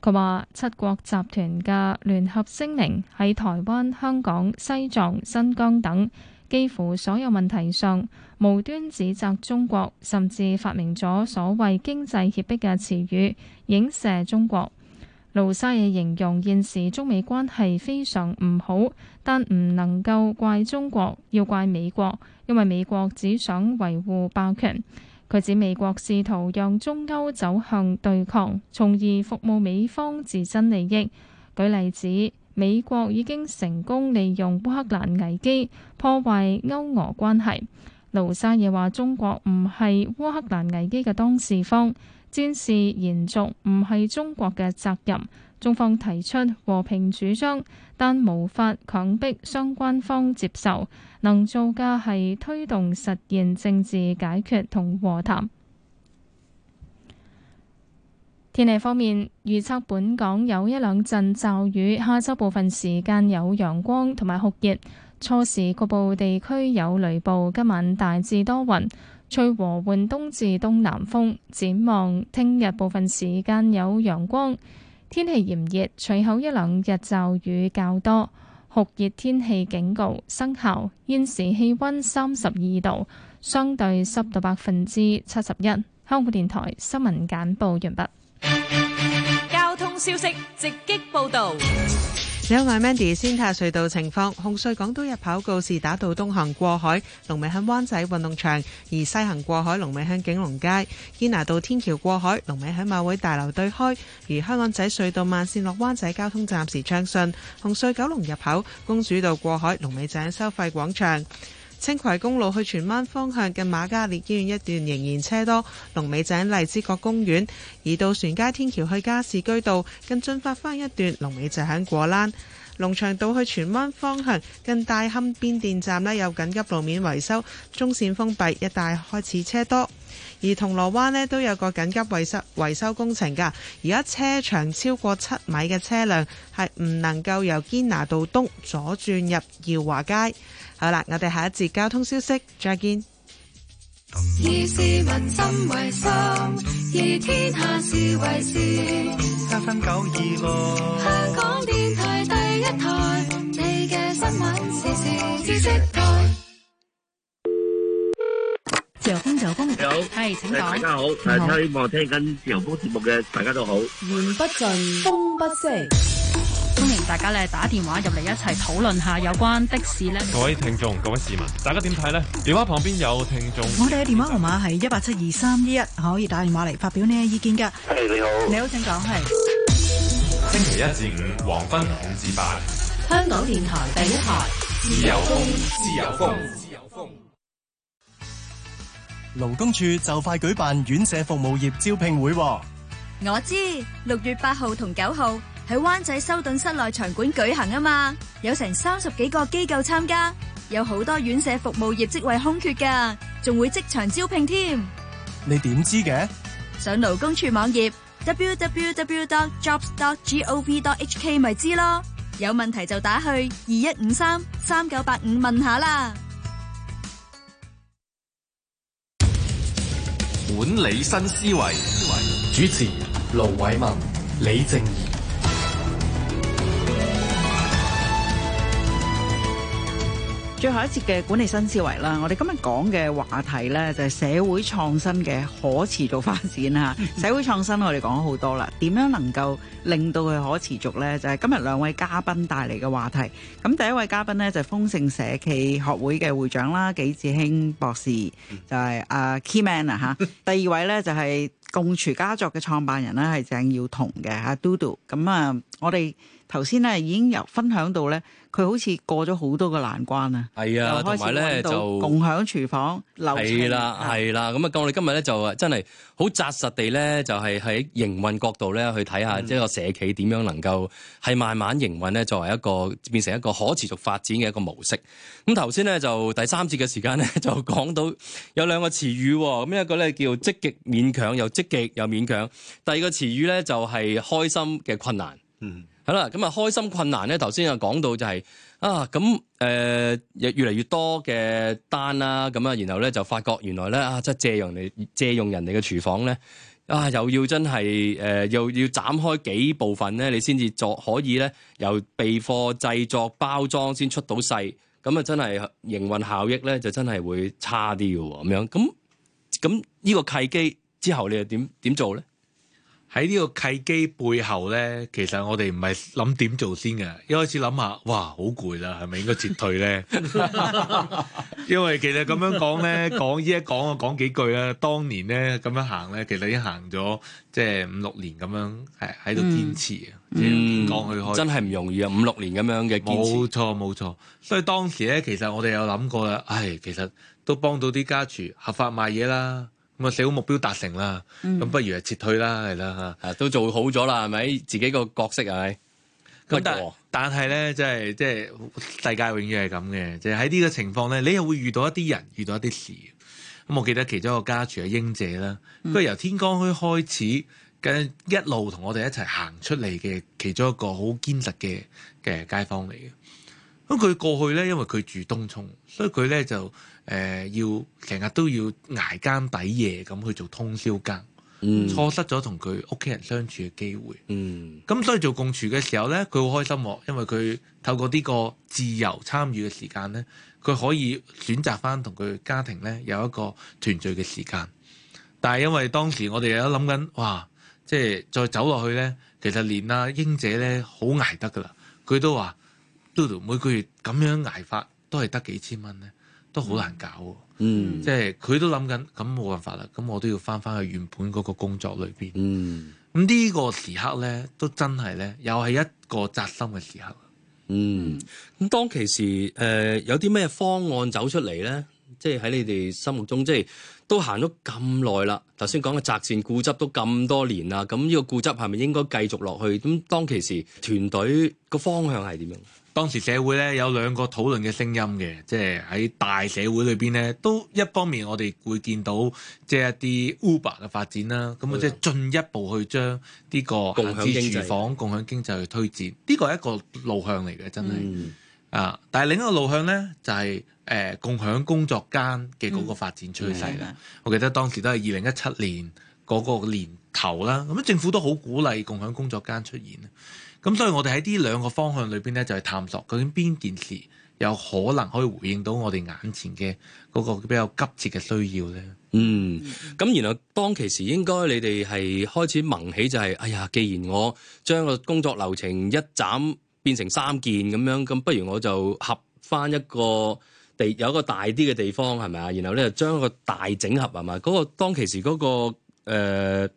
佢話：七國集團嘅聯合聲明喺台灣、香港、西藏、新疆等幾乎所有問題上無端指責中國，甚至發明咗所謂經濟脅迫嘅詞語，影射中國。盧沙野形容現時中美關係非常唔好。但唔能夠怪中國，要怪美國，因為美國只想維護霸權。佢指美國試圖讓中歐走向對抗，從而服務美方自身利益。舉例子，美國已經成功利用烏克蘭危機破壞歐俄關係。盧沙野話：中國唔係烏克蘭危機嘅當事方，戰事延續唔係中國嘅責任。中方提出和平主張，但無法強迫相關方接受。能做嘅係推動實現政治解決同和談。天氣方面預測，本港有一兩陣驟雨，下周部分時間有陽光同埋酷熱，初時局部地區有雷暴。今晚大致多雲，吹和緩東至東南風，展望聽日部分時間有陽光。天氣炎熱，隨後一兩日驟雨較多。酷熱天氣警告生效。現時氣溫三十二度，相對濕度百分之七十一。香港電台新聞簡報完畢。交通消息直擊報道。你好，我係 Mandy，先睇下隧道情況。紅隧港島入口告示打到東行過海，龍尾喺灣仔運動場；而西行過海，龍尾喺景龍街。堅拿道天橋過海，龍尾喺馬會大樓對開。而香港仔隧道慢綫落灣仔，交通暫時暢順。紅隧九龍入口公主道過海，龍尾喺收費廣場。青葵公路去荃灣方向，近瑪嘉烈醫院一段仍然車多，龍尾井荔枝角公園；而渡船街天橋去加士居道，近進發翻一段龍尾就喺果欄。龍翔道去荃灣方向，近大磡變電站咧有緊急路面維修，中線封閉，一帶開始車多。而銅鑼灣咧都有個緊急維修維修工程㗎，而家車長超過七米嘅車輛係唔能夠由堅拿道東左轉入耀華街。好啦，我哋下一節交通消息再見。以市民心為心，以天下事為事。七分九二六，香港電台第一台，你嘅新聞時事知識台。自由風，自由風，你好，係，請講。大家好，誒，希望聽緊自由風節目嘅大家都好。言不盡，風不息。歡迎大家咧打電話入嚟一齊討論下有關的士咧。各位聽眾、各位市民，大家點睇呢？電話旁邊有聽眾。我哋嘅電話號碼係一八七二三一一，可以打電話嚟發表呢個意見噶。喂，你好。你好，請講。係星期一至五黃昏五至八。香港電台第一台，話自由風，自由風，自由風。勞工處就快舉辦院舍服務業招聘會。我知，六月八號同九號。喺灣仔修頓室內場館舉行啊嘛，有成三十幾個機構參加，有好多院舍服務業職位空缺噶，仲會職場招聘添。你點知嘅？上勞工處網頁 www.jobs.gov.hk 咪知咯，有問題就打去二一五三三九八五問下啦。管理新思維，思維主持盧偉民、李靜宜。最後一節嘅管理新思維啦，我哋今日講嘅話題呢，就係社會創新嘅可持續發展啦。社會創新我哋講咗好多啦，點樣能夠令到佢可持續呢？就係、是、今日兩位嘉賓帶嚟嘅話題。咁第一位嘉賓呢，就係豐盛社企學會嘅會長啦，紀治興博士就係、是、阿 key man 啊嚇。 第二位呢，就係共廚家作嘅創辦人呢係鄭耀彤嘅啊 Dudu 咁啊，我哋。頭先咧已經由分享到咧，佢好似過咗好多個難關啊！係啊，同埋咧就共享廚房，樓層啦，係啦。咁情啊，咁、啊啊啊、我哋今日咧就真係好扎實地咧，就係喺營運角度咧去睇下一個社企點樣能夠係慢慢營運咧，作為一個變成一個可持續發展嘅一個模式。咁頭先咧就第三節嘅時間咧，就講到有兩個詞語，咁一個咧叫積極勉強，又積極又勉強；第二個詞語咧就係開心嘅困難。嗯。好啦，咁啊，開心困難咧，頭先又講到就係、是、啊，咁誒、呃，越越嚟越多嘅單啦，咁啊，然後咧就發覺原來咧啊，即係借用人借用人哋嘅廚房咧，啊，又要真係誒，又、呃、要，要斬開幾部分咧，你先至作可以咧，由備貨製作包裝先出到世，咁啊，真係營運效益咧，就真係會差啲嘅喎，咁樣咁咁呢個契機之後，你又點點做咧？喺呢個契機背後咧，其實我哋唔係諗點做先嘅，一開始諗下，哇，好攰啦，係咪應該撤退咧？ 因為其實咁樣講咧，講依家講啊講幾句啦、啊。當年咧咁樣行咧，其實已經行咗即係五六年咁樣，係喺度堅持啊，嗯、即係點講去開，真係唔容易啊！五六年咁樣嘅堅持，冇錯冇錯。所以當時咧，其實我哋有諗過啦，唉，其實都幫到啲家廚合法賣嘢啦。咁啊，小目標達成啦，咁、嗯、不如啊，撤退啦，係啦吓，都做好咗啦，係咪？自己個角色係咪？咁但我但係咧，即係即係，世界永遠係咁嘅，就喺、是、呢個情況咧，你又會遇到一啲人，遇到一啲事。咁我記得其中一個家廚係英姐啦，佢、嗯、由天光墟開始，一跟一路同我哋一齊行出嚟嘅，其中一個好堅實嘅嘅街坊嚟嘅。咁佢過去咧，因為佢住東涌，所以佢咧就。誒、呃、要成日都要捱更抵夜咁去做通宵更，嗯、錯失咗同佢屋企人相處嘅機會。咁、嗯、所以做共處嘅時候呢，佢好開心喎、啊，因為佢透過呢個自由參與嘅時間呢，佢可以選擇翻同佢家庭呢有一個團聚嘅時間。但係因為當時我哋有諗緊，哇！即係再走落去呢，其實連阿英姐呢好捱得噶啦，佢都話 d o 每個月咁樣捱法都係得幾千蚊呢。都好難搞喎，嗯、即係佢都諗緊，咁冇辦法啦，咁我都要翻返去原本嗰個工作裏邊。咁呢、嗯、個時刻咧，都真係咧，又係一個扎心嘅時刻。嗯，咁當其時，誒、呃、有啲咩方案走出嚟咧？即係喺你哋心目中，即係都行咗咁耐啦。頭先講嘅擇善固執都咁多年啦，咁呢個固執係咪應該繼續落去？咁當其時團隊個方向係點樣？當時社會咧有兩個討論嘅聲音嘅，即係喺大社會裏邊咧，都一方面我哋會見到即係一啲 Uber 嘅發展啦，咁啊的即係進一步去將呢個共享廚房、共享經濟去推展，呢、這個係一個路向嚟嘅，真係、嗯、啊！但係另一個路向呢，就係、是、誒、呃、共享工作間嘅嗰個發展趨勢啦。嗯、我記得當時都係二零一七年嗰個年頭啦，咁政府都好鼓勵共享工作間出現。咁所以，我哋喺呢兩個方向裏邊咧，就係探索究竟邊件事有可能可以回應到我哋眼前嘅嗰個比較急切嘅需要咧。嗯，咁然後當其時應該你哋係開始萌起，就係、是，哎呀，既然我將個工作流程一斬變成三件咁樣，咁不如我就合返一個地，有一個大啲嘅地方係咪啊？然後咧就將個大整合係嘛？嗰、那個當其時嗰、那個、呃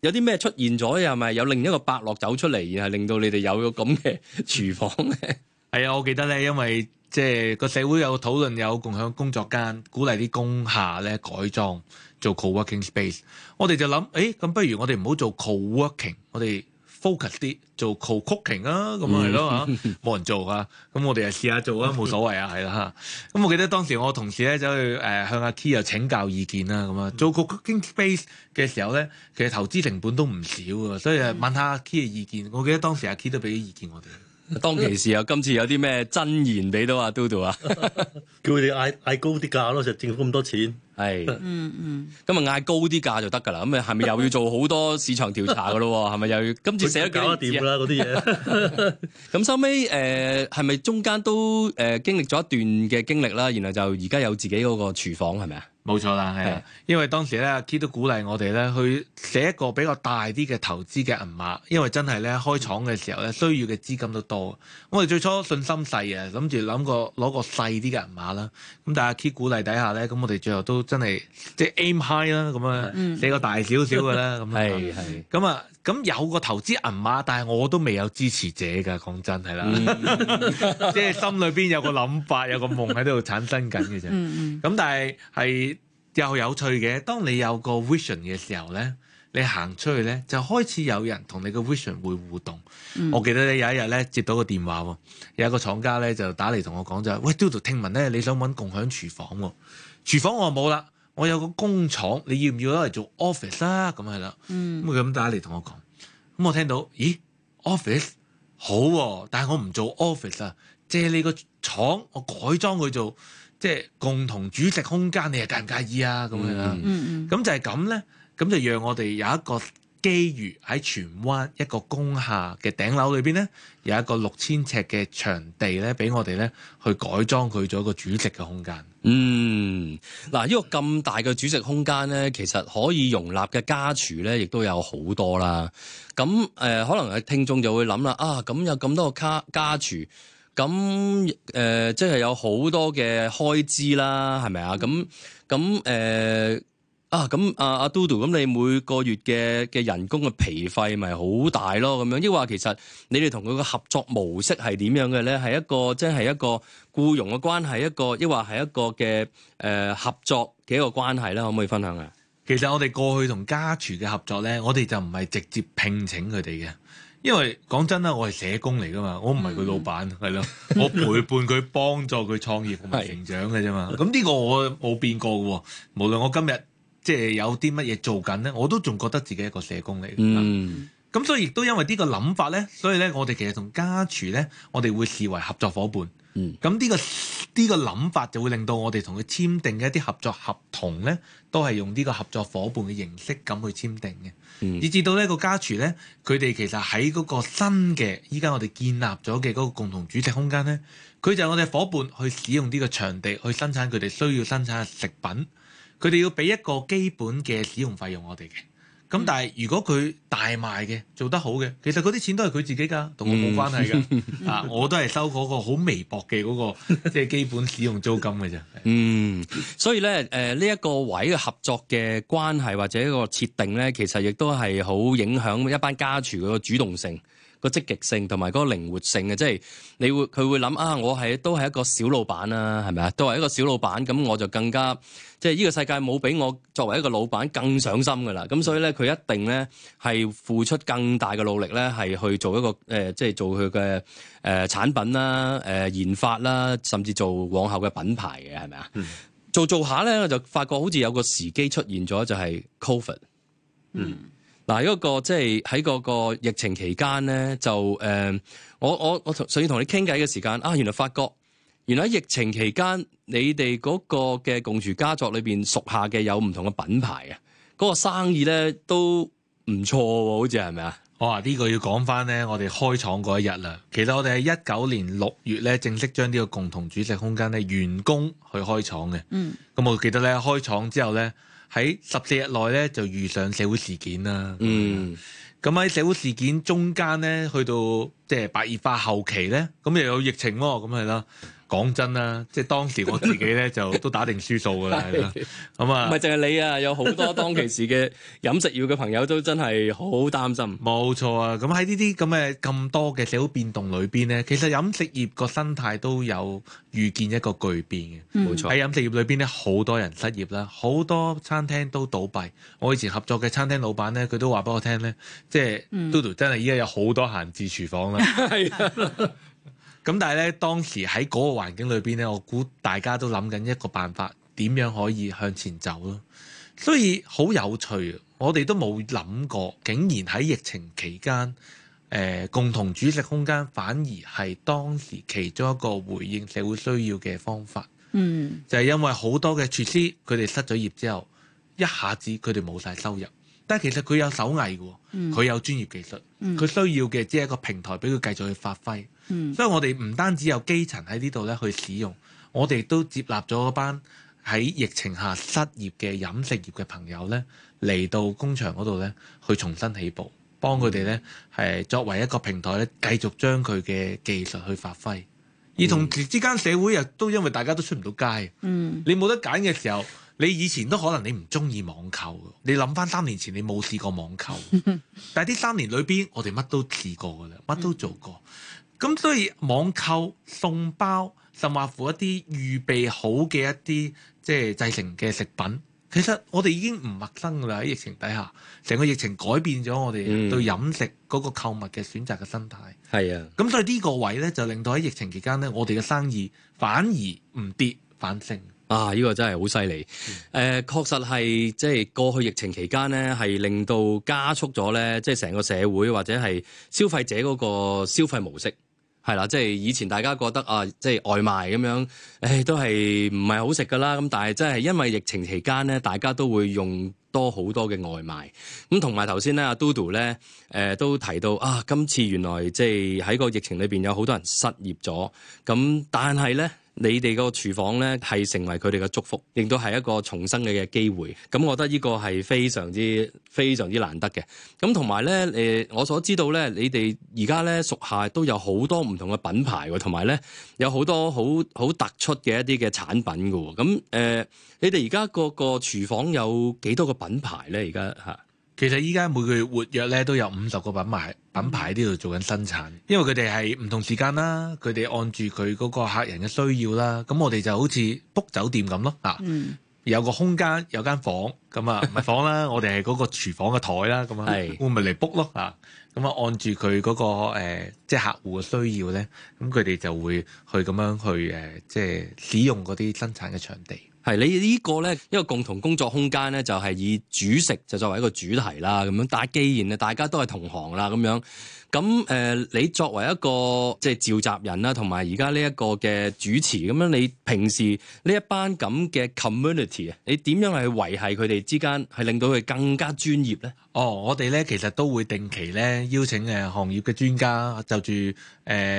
有啲咩出現咗？又咪有另一個伯樂走出嚟，然後令到你哋有咁嘅廚房嘅？係 啊，我記得咧，因為即係個社會有討論有共享工作間，鼓勵啲工廈咧改裝做 co-working space。我哋就諗，誒咁不如我哋唔好做 co-working，我哋。focus 啲做 co cooking 啊，咁咪係咯，冇的 人做啊，咁我哋又試下做啦，冇所謂啊，係啦嚇。咁 我記得當時我同事咧走去誒向阿 Key 又請教意見啦，咁啊做 co cooking space 嘅時候咧，其實投資成本都唔少啊，所以問下阿 Key 嘅意見。我記得當時阿 Key 都俾咗意見我哋。 當其時啊，今次有啲咩真言俾到阿 Do Do 啊？ 叫佢哋嗌嗌高啲價咯，就掙咁多錢。係，嗯嗯，咁咪嗌高啲價就得噶啦，咁咪係咪又要做好多市場調查噶咯？係咪 又要？今次寫咗幾多點啦？嗰啲嘢，咁收尾誒，係咪中間都誒、呃、經歷咗一段嘅經歷啦？然後就而家有自己嗰個廚房係咪啊？冇錯啦，係的因為當時咧阿 k 都鼓勵我哋咧去寫一個比較大啲嘅投資嘅銀碼，因為真係咧開廠嘅時候咧需要嘅資金都多。我哋最初信心細啊，諗住諗過攞個細啲嘅銀碼啦。咁但阿 k 鼓勵底下咧，咁我哋最後都。真係即係、就是、aim high 啦，咁啊，寫個大少少嘅啦，咁啊，咁啊， 咁是有個投資銀碼，但係我都未有支持者噶，講真係啦，即係、嗯、 心裏邊有個諗法，有個夢喺度產生緊嘅啫。咁、嗯嗯、但係係又有趣嘅，當你有個 vision 嘅時候咧，你行出去咧，就開始有人同你嘅 vision 會互動。嗯、我記得你有一日咧接到個電話喎，有一個廠家咧就打嚟同我講就係喂 Dodo 聽聞咧你，你想揾共享廚房喎。廚房我冇啦，我有個工廠，你要唔要攞嚟做 office 啊？咁係啦，咁佢咁打嚟同我講，咁我聽到，咦，office 好，但係我唔做 office 啊，借你個廠，我改裝佢做，即係共同煮食空間，你介唔介意啊？咁樣，咁就係咁呢。咁就讓我哋有一個機遇喺荃灣一個工廈嘅頂樓裏邊呢，有一個六千尺嘅場地呢，俾我哋呢去改裝佢做一個煮食嘅空間。嗯，嗱，呢個咁大嘅煮食空間咧，其實可以容納嘅家廚咧，亦都有好多啦。咁誒、呃，可能嘅聽眾就會諗啦，啊，咁有咁多個家家廚，咁誒、呃，即係有好多嘅開支啦，係咪啊？咁咁誒。啊，咁啊，阿嘟嘟，咁你每個月嘅嘅人工嘅疲費咪好大咯，咁樣，抑或其實你哋同佢嘅合作模式係點樣嘅咧？係一個即係一個僱傭嘅關係，一個抑或係一個嘅誒合作嘅一個關係咧？可唔可以分享啊？其實我哋過去同家廚嘅合作咧，我哋就唔係直接聘請佢哋嘅，因為講真啦，我係社工嚟㗎嘛，我唔係佢老闆，係咯，我陪伴佢幫助佢創業同埋成長嘅啫嘛。咁呢個我冇變過㗎喎，無論我今日。即係有啲乜嘢做緊呢？我都仲覺得自己一個社工嚟嘅。咁、嗯、所以亦都因為呢個諗法呢，所以呢，我哋其實同家廚呢，我哋會視為合作伙伴。咁呢、嗯呢個呢、呢個諗法就會令到我哋同佢簽訂嘅一啲合作合同呢，都係用呢個合作伙伴嘅形式咁去簽訂嘅。嗯、以至到呢個家廚呢，佢哋其實喺嗰個新嘅依家我哋建立咗嘅嗰個共同煮食空間呢，佢就係我哋伙伴去使用呢個場地去生產佢哋需要生產嘅食品。佢哋要俾一個基本嘅使用費用我哋嘅，咁但係如果佢大賣嘅做得好嘅，其實嗰啲錢都係佢自己㗎，同我冇關係㗎，啊、嗯、我都係收嗰個好微薄嘅嗰個即係基本使用租金嘅啫。嗯，所以咧誒呢一個位嘅合作嘅關係或者一個設定咧，其實亦都係好影響一班家廚嘅主動性。個積極性同埋嗰個靈活性嘅，即係你會佢會諗啊，我係都係一個小老闆啦，係咪啊？都係一個小老闆，咁我就更加即係呢個世界冇俾我作為一個老闆更上心㗎啦。咁所以咧，佢一定咧係付出更大嘅努力咧，係去做一個誒、呃，即係做佢嘅誒產品啦、誒、呃、研發啦，甚至做往後嘅品牌嘅，係咪啊？嗯、做做下咧，我就發覺好似有個時機出現咗，就係、是、Covid。嗯。嗯。嗱，嗰、那個即係喺嗰個疫情期間咧，就誒、呃、我我我想同你傾偈嘅時間啊，原來發覺原來喺疫情期間，你哋嗰個嘅共廚家作裏邊屬下嘅有唔同嘅品牌啊，嗰、那個生意咧都唔錯喎，好似係咪啊？我話呢個要講翻咧，我哋開廠嗰一日啦。其實我哋喺一九年六月咧，正式將呢個共同煮食空間咧，員工去開廠嘅。嗯。咁我記得咧，開廠之後咧。喺十四日內咧，就遇上社會事件啦。嗯，咁喺社會事件中間咧，去到即係白熱化後期咧，咁又有疫情喎，咁係啦。講真啦，即係當時我自己咧 就都打定輸數噶啦，係咪？咁 啊，唔係淨係你啊，有好多當其時嘅飲食業嘅朋友都真係好擔心。冇錯 啊，咁喺呢啲咁嘅咁多嘅社會變動裏邊咧，其實飲食業個生態都有遇見一個巨變嘅。冇錯，嗯，喺飲食業裏邊咧，好多人失業啦，好多餐廳都倒閉。我以前合作嘅餐廳老闆咧，佢都話俾我聽咧，即係 Dodo，嗯嗯，真係依家有好多閒置廚房啦。 咁但係咧，當時喺嗰個環境裏邊咧，我估大家都諗緊一個辦法，點樣可以向前走咯。所以好有趣啊！我哋都冇諗過，竟然喺疫情期間，誒、呃、共同煮食空間反而係當時其中一個回應社會需要嘅方法。嗯，就係因為好多嘅廚師佢哋失咗業之後，一下子佢哋冇晒收入。但係其實佢有手藝嘅，佢、嗯、有專業技術，佢、嗯、需要嘅只係一個平台俾佢繼續去發揮。嗯、所以我哋唔單止有基層喺呢度咧去使用，我哋都接納咗班喺疫情下失業嘅飲食業嘅朋友呢，嚟到工場嗰度呢去重新起步，幫佢哋呢係作為一個平台呢繼續將佢嘅技術去發揮。而同時之間，社會又都因為大家都出唔到街，嗯、你冇得揀嘅時候，你以前都可能你唔中意網購，你諗翻三年前你冇試過網購， 但係呢三年裏邊我哋乜都試過㗎啦，乜都做過。咁所以網購送包，甚至乎一啲預備好嘅一啲即係製成嘅食品，其實我哋已經唔陌生噶啦。喺疫情底下，成個疫情改變咗我哋對飲食嗰個購物嘅選擇嘅心態。係啊、嗯，咁所以呢個位呢，就令到喺疫情期間呢，我哋嘅生意反而唔跌反升。啊！呢、這個真係好犀利。誒、呃，確實係即係過去疫情期間呢，係令到加速咗呢，即係成個社會或者係消費者嗰個消費模式。係啦，即係以前大家覺得啊，即係外賣咁樣，誒、哎、都係唔係好食噶啦。咁但係真係因為疫情期間咧，大家都會用多好多嘅外賣。咁同埋頭先咧，阿嘟嘟咧，誒、呃、都提到啊，今次原來即係喺個疫情裏邊有好多人失業咗。咁、嗯、但係咧。你哋個廚房咧係成為佢哋嘅祝福，亦都係一個重生嘅嘅機會。咁我覺得呢個係非常之非常之難得嘅。咁同埋咧，誒我所知道咧，你哋而家咧屬下都有好多唔同嘅品牌喎，同埋咧有好多好好突出嘅一啲嘅產品嘅喎。咁、呃、誒，你哋而家個個廚房有幾多個品牌咧？而家嚇？其實依家每個月活躍咧都有五十個品牌品牌喺呢度做緊生產，嗯、因為佢哋係唔同時間啦，佢哋按住佢嗰個客人嘅需要啦，咁我哋就好似 book 酒店咁咯嚇，嗯、有個空間有間房咁啊，唔係房啦， 我哋係嗰個廚房嘅枱啦，咁啊，我咪嚟 book 咯嚇，咁啊按住佢嗰個、呃、即係客戶嘅需要咧，咁佢哋就會去咁樣去誒、呃、即係使用嗰啲生產嘅場地。係你個呢個咧，一個共同工作空間咧，就係、是、以煮食就作為一個主題啦咁樣。但係既然啊，大家都係同行啦咁樣。咁誒，你作為一個即係召集人啦，同埋而家呢一個嘅主持咁樣，你平時呢一班咁嘅 community 啊，你點樣去維係佢哋之間，係令到佢更加專業呢？哦，我哋呢其實都會定期呢邀請誒行業嘅專家就住誒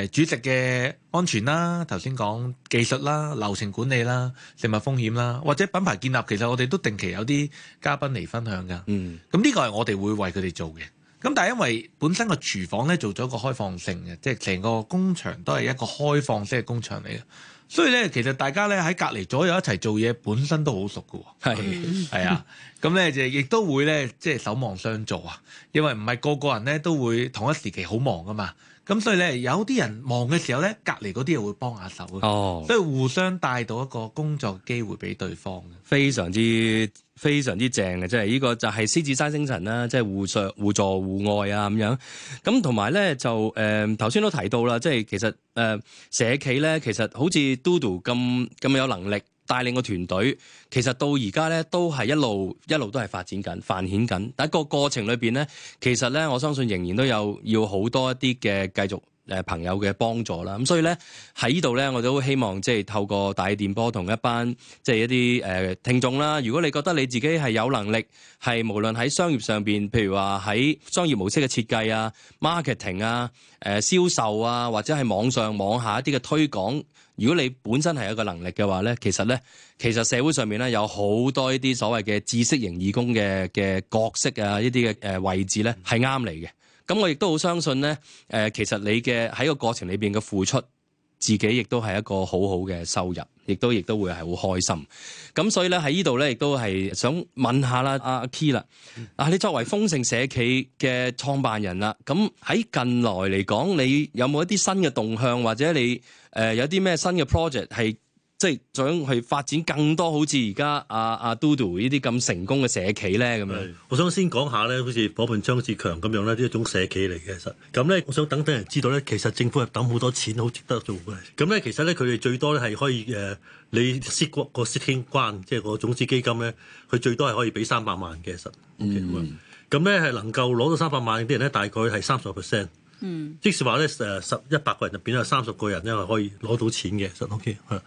煮食嘅安全啦，頭先講技術啦、流程管理啦、食物風險啦，或者品牌建立，其實我哋都定期有啲嘉賓嚟分享㗎。嗯，咁呢個係我哋會為佢哋做嘅。咁但係因為本身個廚房咧做咗個開放性嘅，即係成個工場都係一個開放式嘅工場嚟嘅，所以咧其實大家咧喺隔離左右一齊做嘢，本身都好熟㗎喎。係、嗯、 啊，咁咧就亦都會咧即係守望相助啊，因為唔係個個人咧都會同一時期好忙噶嘛，咁所以咧有啲人忙嘅時候咧隔離嗰啲又會幫下手啊，哦、所以互相帶到一個工作機會俾對方。非常之非常之正嘅，即係呢個就係獅子山精神啦，即係互相互助互愛啊咁樣。咁同埋咧就誒，頭先都提到啦，即係其實誒、呃，社企咧其實好似 Dodo 咁咁有能力帶領個團隊，其實到而家咧都係一路一路都係發展緊、繁衍緊，但係個過程裏邊咧，其實咧我相信仍然都有要好多一啲嘅繼續。誒朋友嘅幫助啦，咁所以咧喺呢度咧，我都希望即係透過大電波同一班即係一啲誒聽眾啦。如果你覺得你自己係有能力，係無論喺商業上邊，譬如話喺商業模式嘅設計啊、marketing 啊、誒銷售啊，或者係網上網下一啲嘅推廣，如果你本身係有個能力嘅話咧，其實咧，其實社會上面咧有好多一啲所謂嘅知識型義工嘅嘅角色啊，一啲嘅誒位置咧係啱你嘅。咁我亦都好相信咧，誒、呃，其實你嘅喺個過程裏邊嘅付出，自己亦都係一個好好嘅收入，亦都亦都會係好開心。咁所以咧喺呢度咧，亦都係想問下啦、啊，阿、啊、Key 啦，嗯、啊，你作為豐盛社企嘅創辦人啦，咁喺近來嚟講，你有冇一啲新嘅動向，或者你誒、呃、有啲咩新嘅 project 係？即係想去發展更多好似而家阿阿嘟 o 呢啲咁成功嘅社企咧咁樣。我想先講下咧，好似伙伴張志強咁樣咧，呢一種社企嚟嘅。實咁咧，我想等等人知道咧，其實政府係抌好多錢，好值得做嘅。咁咧，其實咧，佢哋最多咧係可以誒、呃，你涉過個篩選關，即係個種子基金咧，佢最多係可以俾三百萬嘅。實 O K 咁咧係能夠攞到三百萬啲人咧，大概係三十 percent。嗯、即使話咧誒，十一百個人入變有三十個人因係可以攞到錢嘅。實 O、okay? K、嗯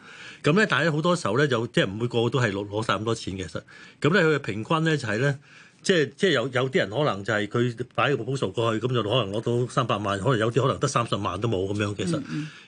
咁咧，但係好多時候咧，就即係唔會個個都係攞攞曬咁多錢嘅。其實，咁咧佢嘅平均咧就係咧，即係即係有有啲人可能就係佢擺個報數過去，咁就可能攞到三百萬，可能有啲可能得三十萬都冇咁樣。其實，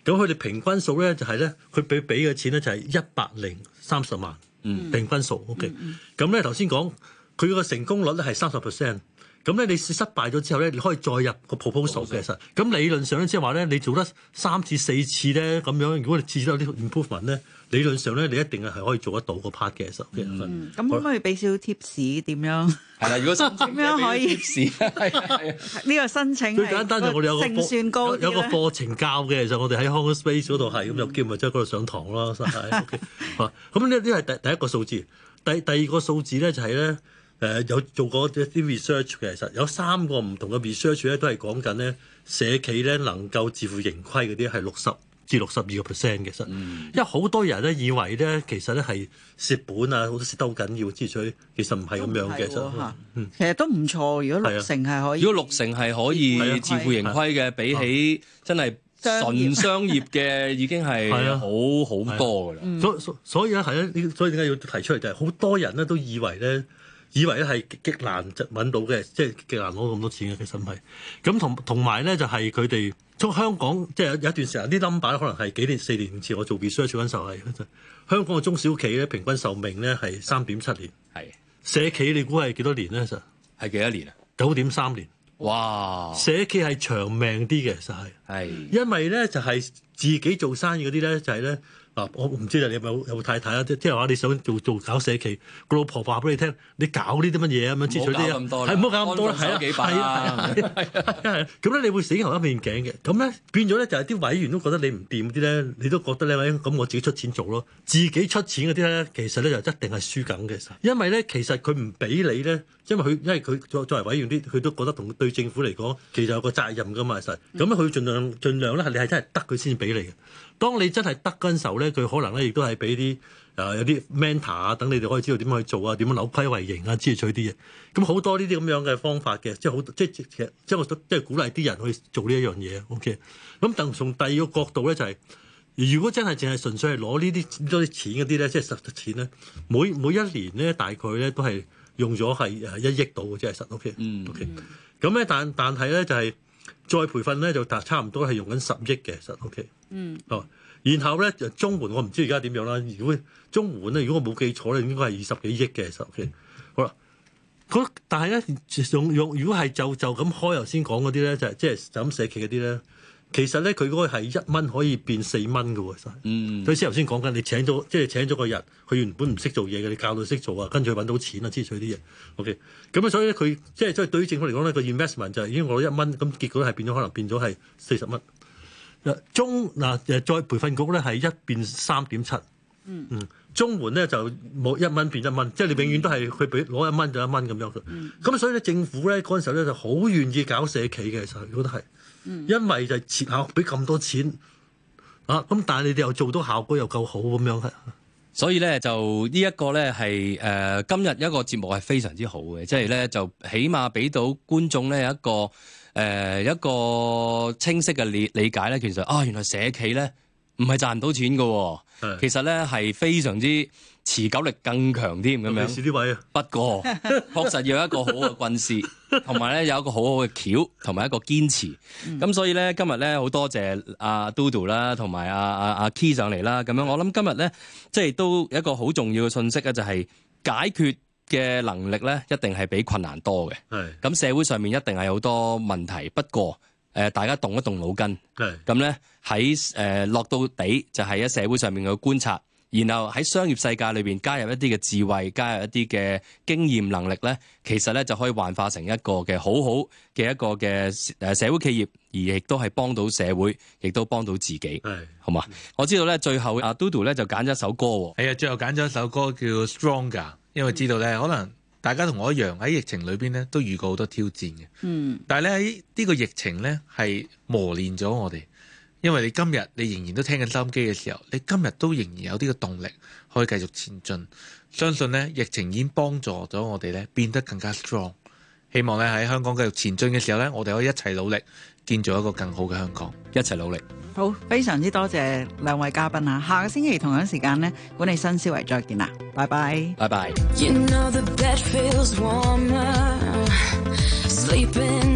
咁佢哋平均數咧就係咧，佢俾俾嘅錢咧就係一百零三十萬平均數。O K。咁咧頭先講佢個成功率咧係三十 percent。咁咧，你失敗咗之後咧，你可以再入個 proposal 嘅實。咁理論上咧，即係話咧，你做得三至四次咧，咁樣，如果你次次都有啲 improvement 咧，理論上咧，你一定係可以做得到個 part 嘅實。咁可唔可以俾少少 tips 點樣？係啦，如果點樣可以呢個申請最簡單，就我哋有個有個課程教嘅，其實我哋喺 Hong Kong Space 嗰度係咁，就叫咪即係嗰度上堂咯。係，咁呢啲係第第一個數字，第第二個數字咧就係咧。誒、呃、有做過一啲 research 嘅，其實有三個唔同嘅 research 咧，都係講緊咧社企咧能夠自負盈虧嗰啲係六十至六十二個 percent 嘅，其實，因為好多人咧以為咧，其實咧係蝕本啊，好多蝕得好緊要，之取，其實唔係咁樣嘅，啊、其實，其實都唔錯，如果六成係可以，如果六成係可以自負盈虧嘅，啊、比起、啊、真係純商業嘅已經係好好多噶啦，所、啊啊嗯、所以咧係咧，所以點解、啊、要提出嚟就係好多人咧都以為咧。呢以為咧係極難揾到嘅，即係極難攞咁多錢嘅，其實唔係。咁同同埋咧就係佢哋，從香港即係、就是、有一段時間啲 number、這個、可能係幾年、四年、五年。我做 research 做緊時候係香港嘅中小企咧，平均壽命咧係三點七年。係是社企你估係幾多年咧？其實係幾多年啊？九點三年。年哇！社企係長命啲嘅，其實係。係是。因為咧就係自己做生意嗰啲咧就係咧。嗱，我唔知啊，你有冇太太啊？即即係話你想做做搞社企，個老婆話俾你聽，你搞呢啲乜嘢咁樣之類啲，係唔好搞咁多啦，是多安安幾百啊？係啊，咁咧你會死後一面頸嘅。咁咧變咗咧就係啲委員都覺得你唔掂啲咧，你都覺得咧咁我自己出錢做咯，自己出錢嗰啲咧其實咧就一定係輸緊嘅。因為咧其實佢唔俾你咧，因為佢因為佢作作為委員啲，佢都覺得同對政府嚟講，其實有個責任㗎嘛其實。咁咧佢盡量盡量咧，你係真係得佢先俾你。當你真係得嘅時候咧，佢可能咧亦都係俾啲啊有啲 mentor 啊等你哋可以知道點樣去做啊，點樣扭虧為盈啊，之類啲嘢。咁好多呢啲咁樣嘅方法嘅，即係好即係即係我覺得，即係鼓勵啲人去做呢一樣嘢。OK。咁但從第二個角度咧，就係、是、如果真係淨係純粹係攞呢啲多啲錢嗰啲咧，即係實錢咧，每每一年咧大概咧都係用咗係一億度嘅啫，實 OK。OK。咁咧，但但係咧就係、是。再培訓咧就差唔多係用緊十億嘅，其實，OK，嗯，哦，然後咧就中援我唔知而家點樣啦。如果中援咧，如果我冇記錯咧，應該係二十幾億嘅，OK，、嗯、好啦，嗰但係咧用用，如果係就就咁開講，頭先講嗰啲咧就係即係就咁社企嗰啲咧。其實咧，佢嗰個係一蚊可以變四蚊嘅喎，所以頭先講緊你請咗，即係請咗個人，佢原本唔識做嘢嘅，你教到佢識做啊，跟住佢揾到錢啊，支取啲嘢。OK，咁所以咧佢即係即係對於政府嚟講咧，個 investment 就已經攞一蚊，咁結果係變咗，可能變咗係四十蚊。中嗱，再培訓局咧係一變三點七，嗯中門咧就冇一蚊變一蚊，即係你永遠都係佢俾攞一蚊就一蚊咁樣咁、嗯、所以咧政府咧嗰陣時候咧就好願意搞社企嘅，其實我覺得係。因為就設下俾咁多錢啊，咁但係你哋又做到效果又夠好咁樣，所以咧就呢一個咧係誒今日一個節目係非常之好嘅，即係咧就起碼俾到觀眾咧一個誒、呃、一個清晰嘅理理解咧，其實啊原來社企咧唔係賺唔到錢嘅、哦，的其實咧係非常之。持久力更強添咁樣，試啲位啊！不過確實要一個好好嘅軍師，同埋咧有一個好好嘅橋，同埋一個堅持。咁所以咧今日咧好多謝阿 Dodo 啦，同埋阿阿阿 Key 上嚟啦。咁樣我諗今日咧即係都有一個好重要嘅信息啊，就係解決嘅能力咧一定係比困難多嘅。係咁社會上面一定係有好多問題，不過誒大家動一動腦筋。係咁咧喺誒落到底就係喺社會上面嘅觀察。然後喺商業世界裏邊加入一啲嘅智慧，加入一啲嘅經驗能力咧，其實咧就可以幻化成一個嘅好好嘅一個嘅誒社會企業，而亦都係幫到社會，亦都幫到自己。係好嘛？我知道咧，最後阿嘟嘟 d 咧就揀咗一首歌，哦。係啊，最後揀咗一首歌叫《Stronger》，因為知道咧，可能大家同我一樣喺疫情裏邊咧都遇過好多挑戰嘅。嗯。但係咧喺呢個疫情咧係磨練咗我哋。因為你今日你仍然都聽緊收音機嘅時候，你今日都仍然有呢個動力可以繼續前進。相信呢，疫情已經幫助咗我哋呢，變得更加 strong。希望呢，喺香港繼續前進嘅時候呢，我哋可以一齊努力，建造一個更好嘅香港。一齊努力。好，非常之多謝兩位嘉賓啊！下個星期同樣時間呢，管理新思維再見啦，拜拜。拜拜 bye。You know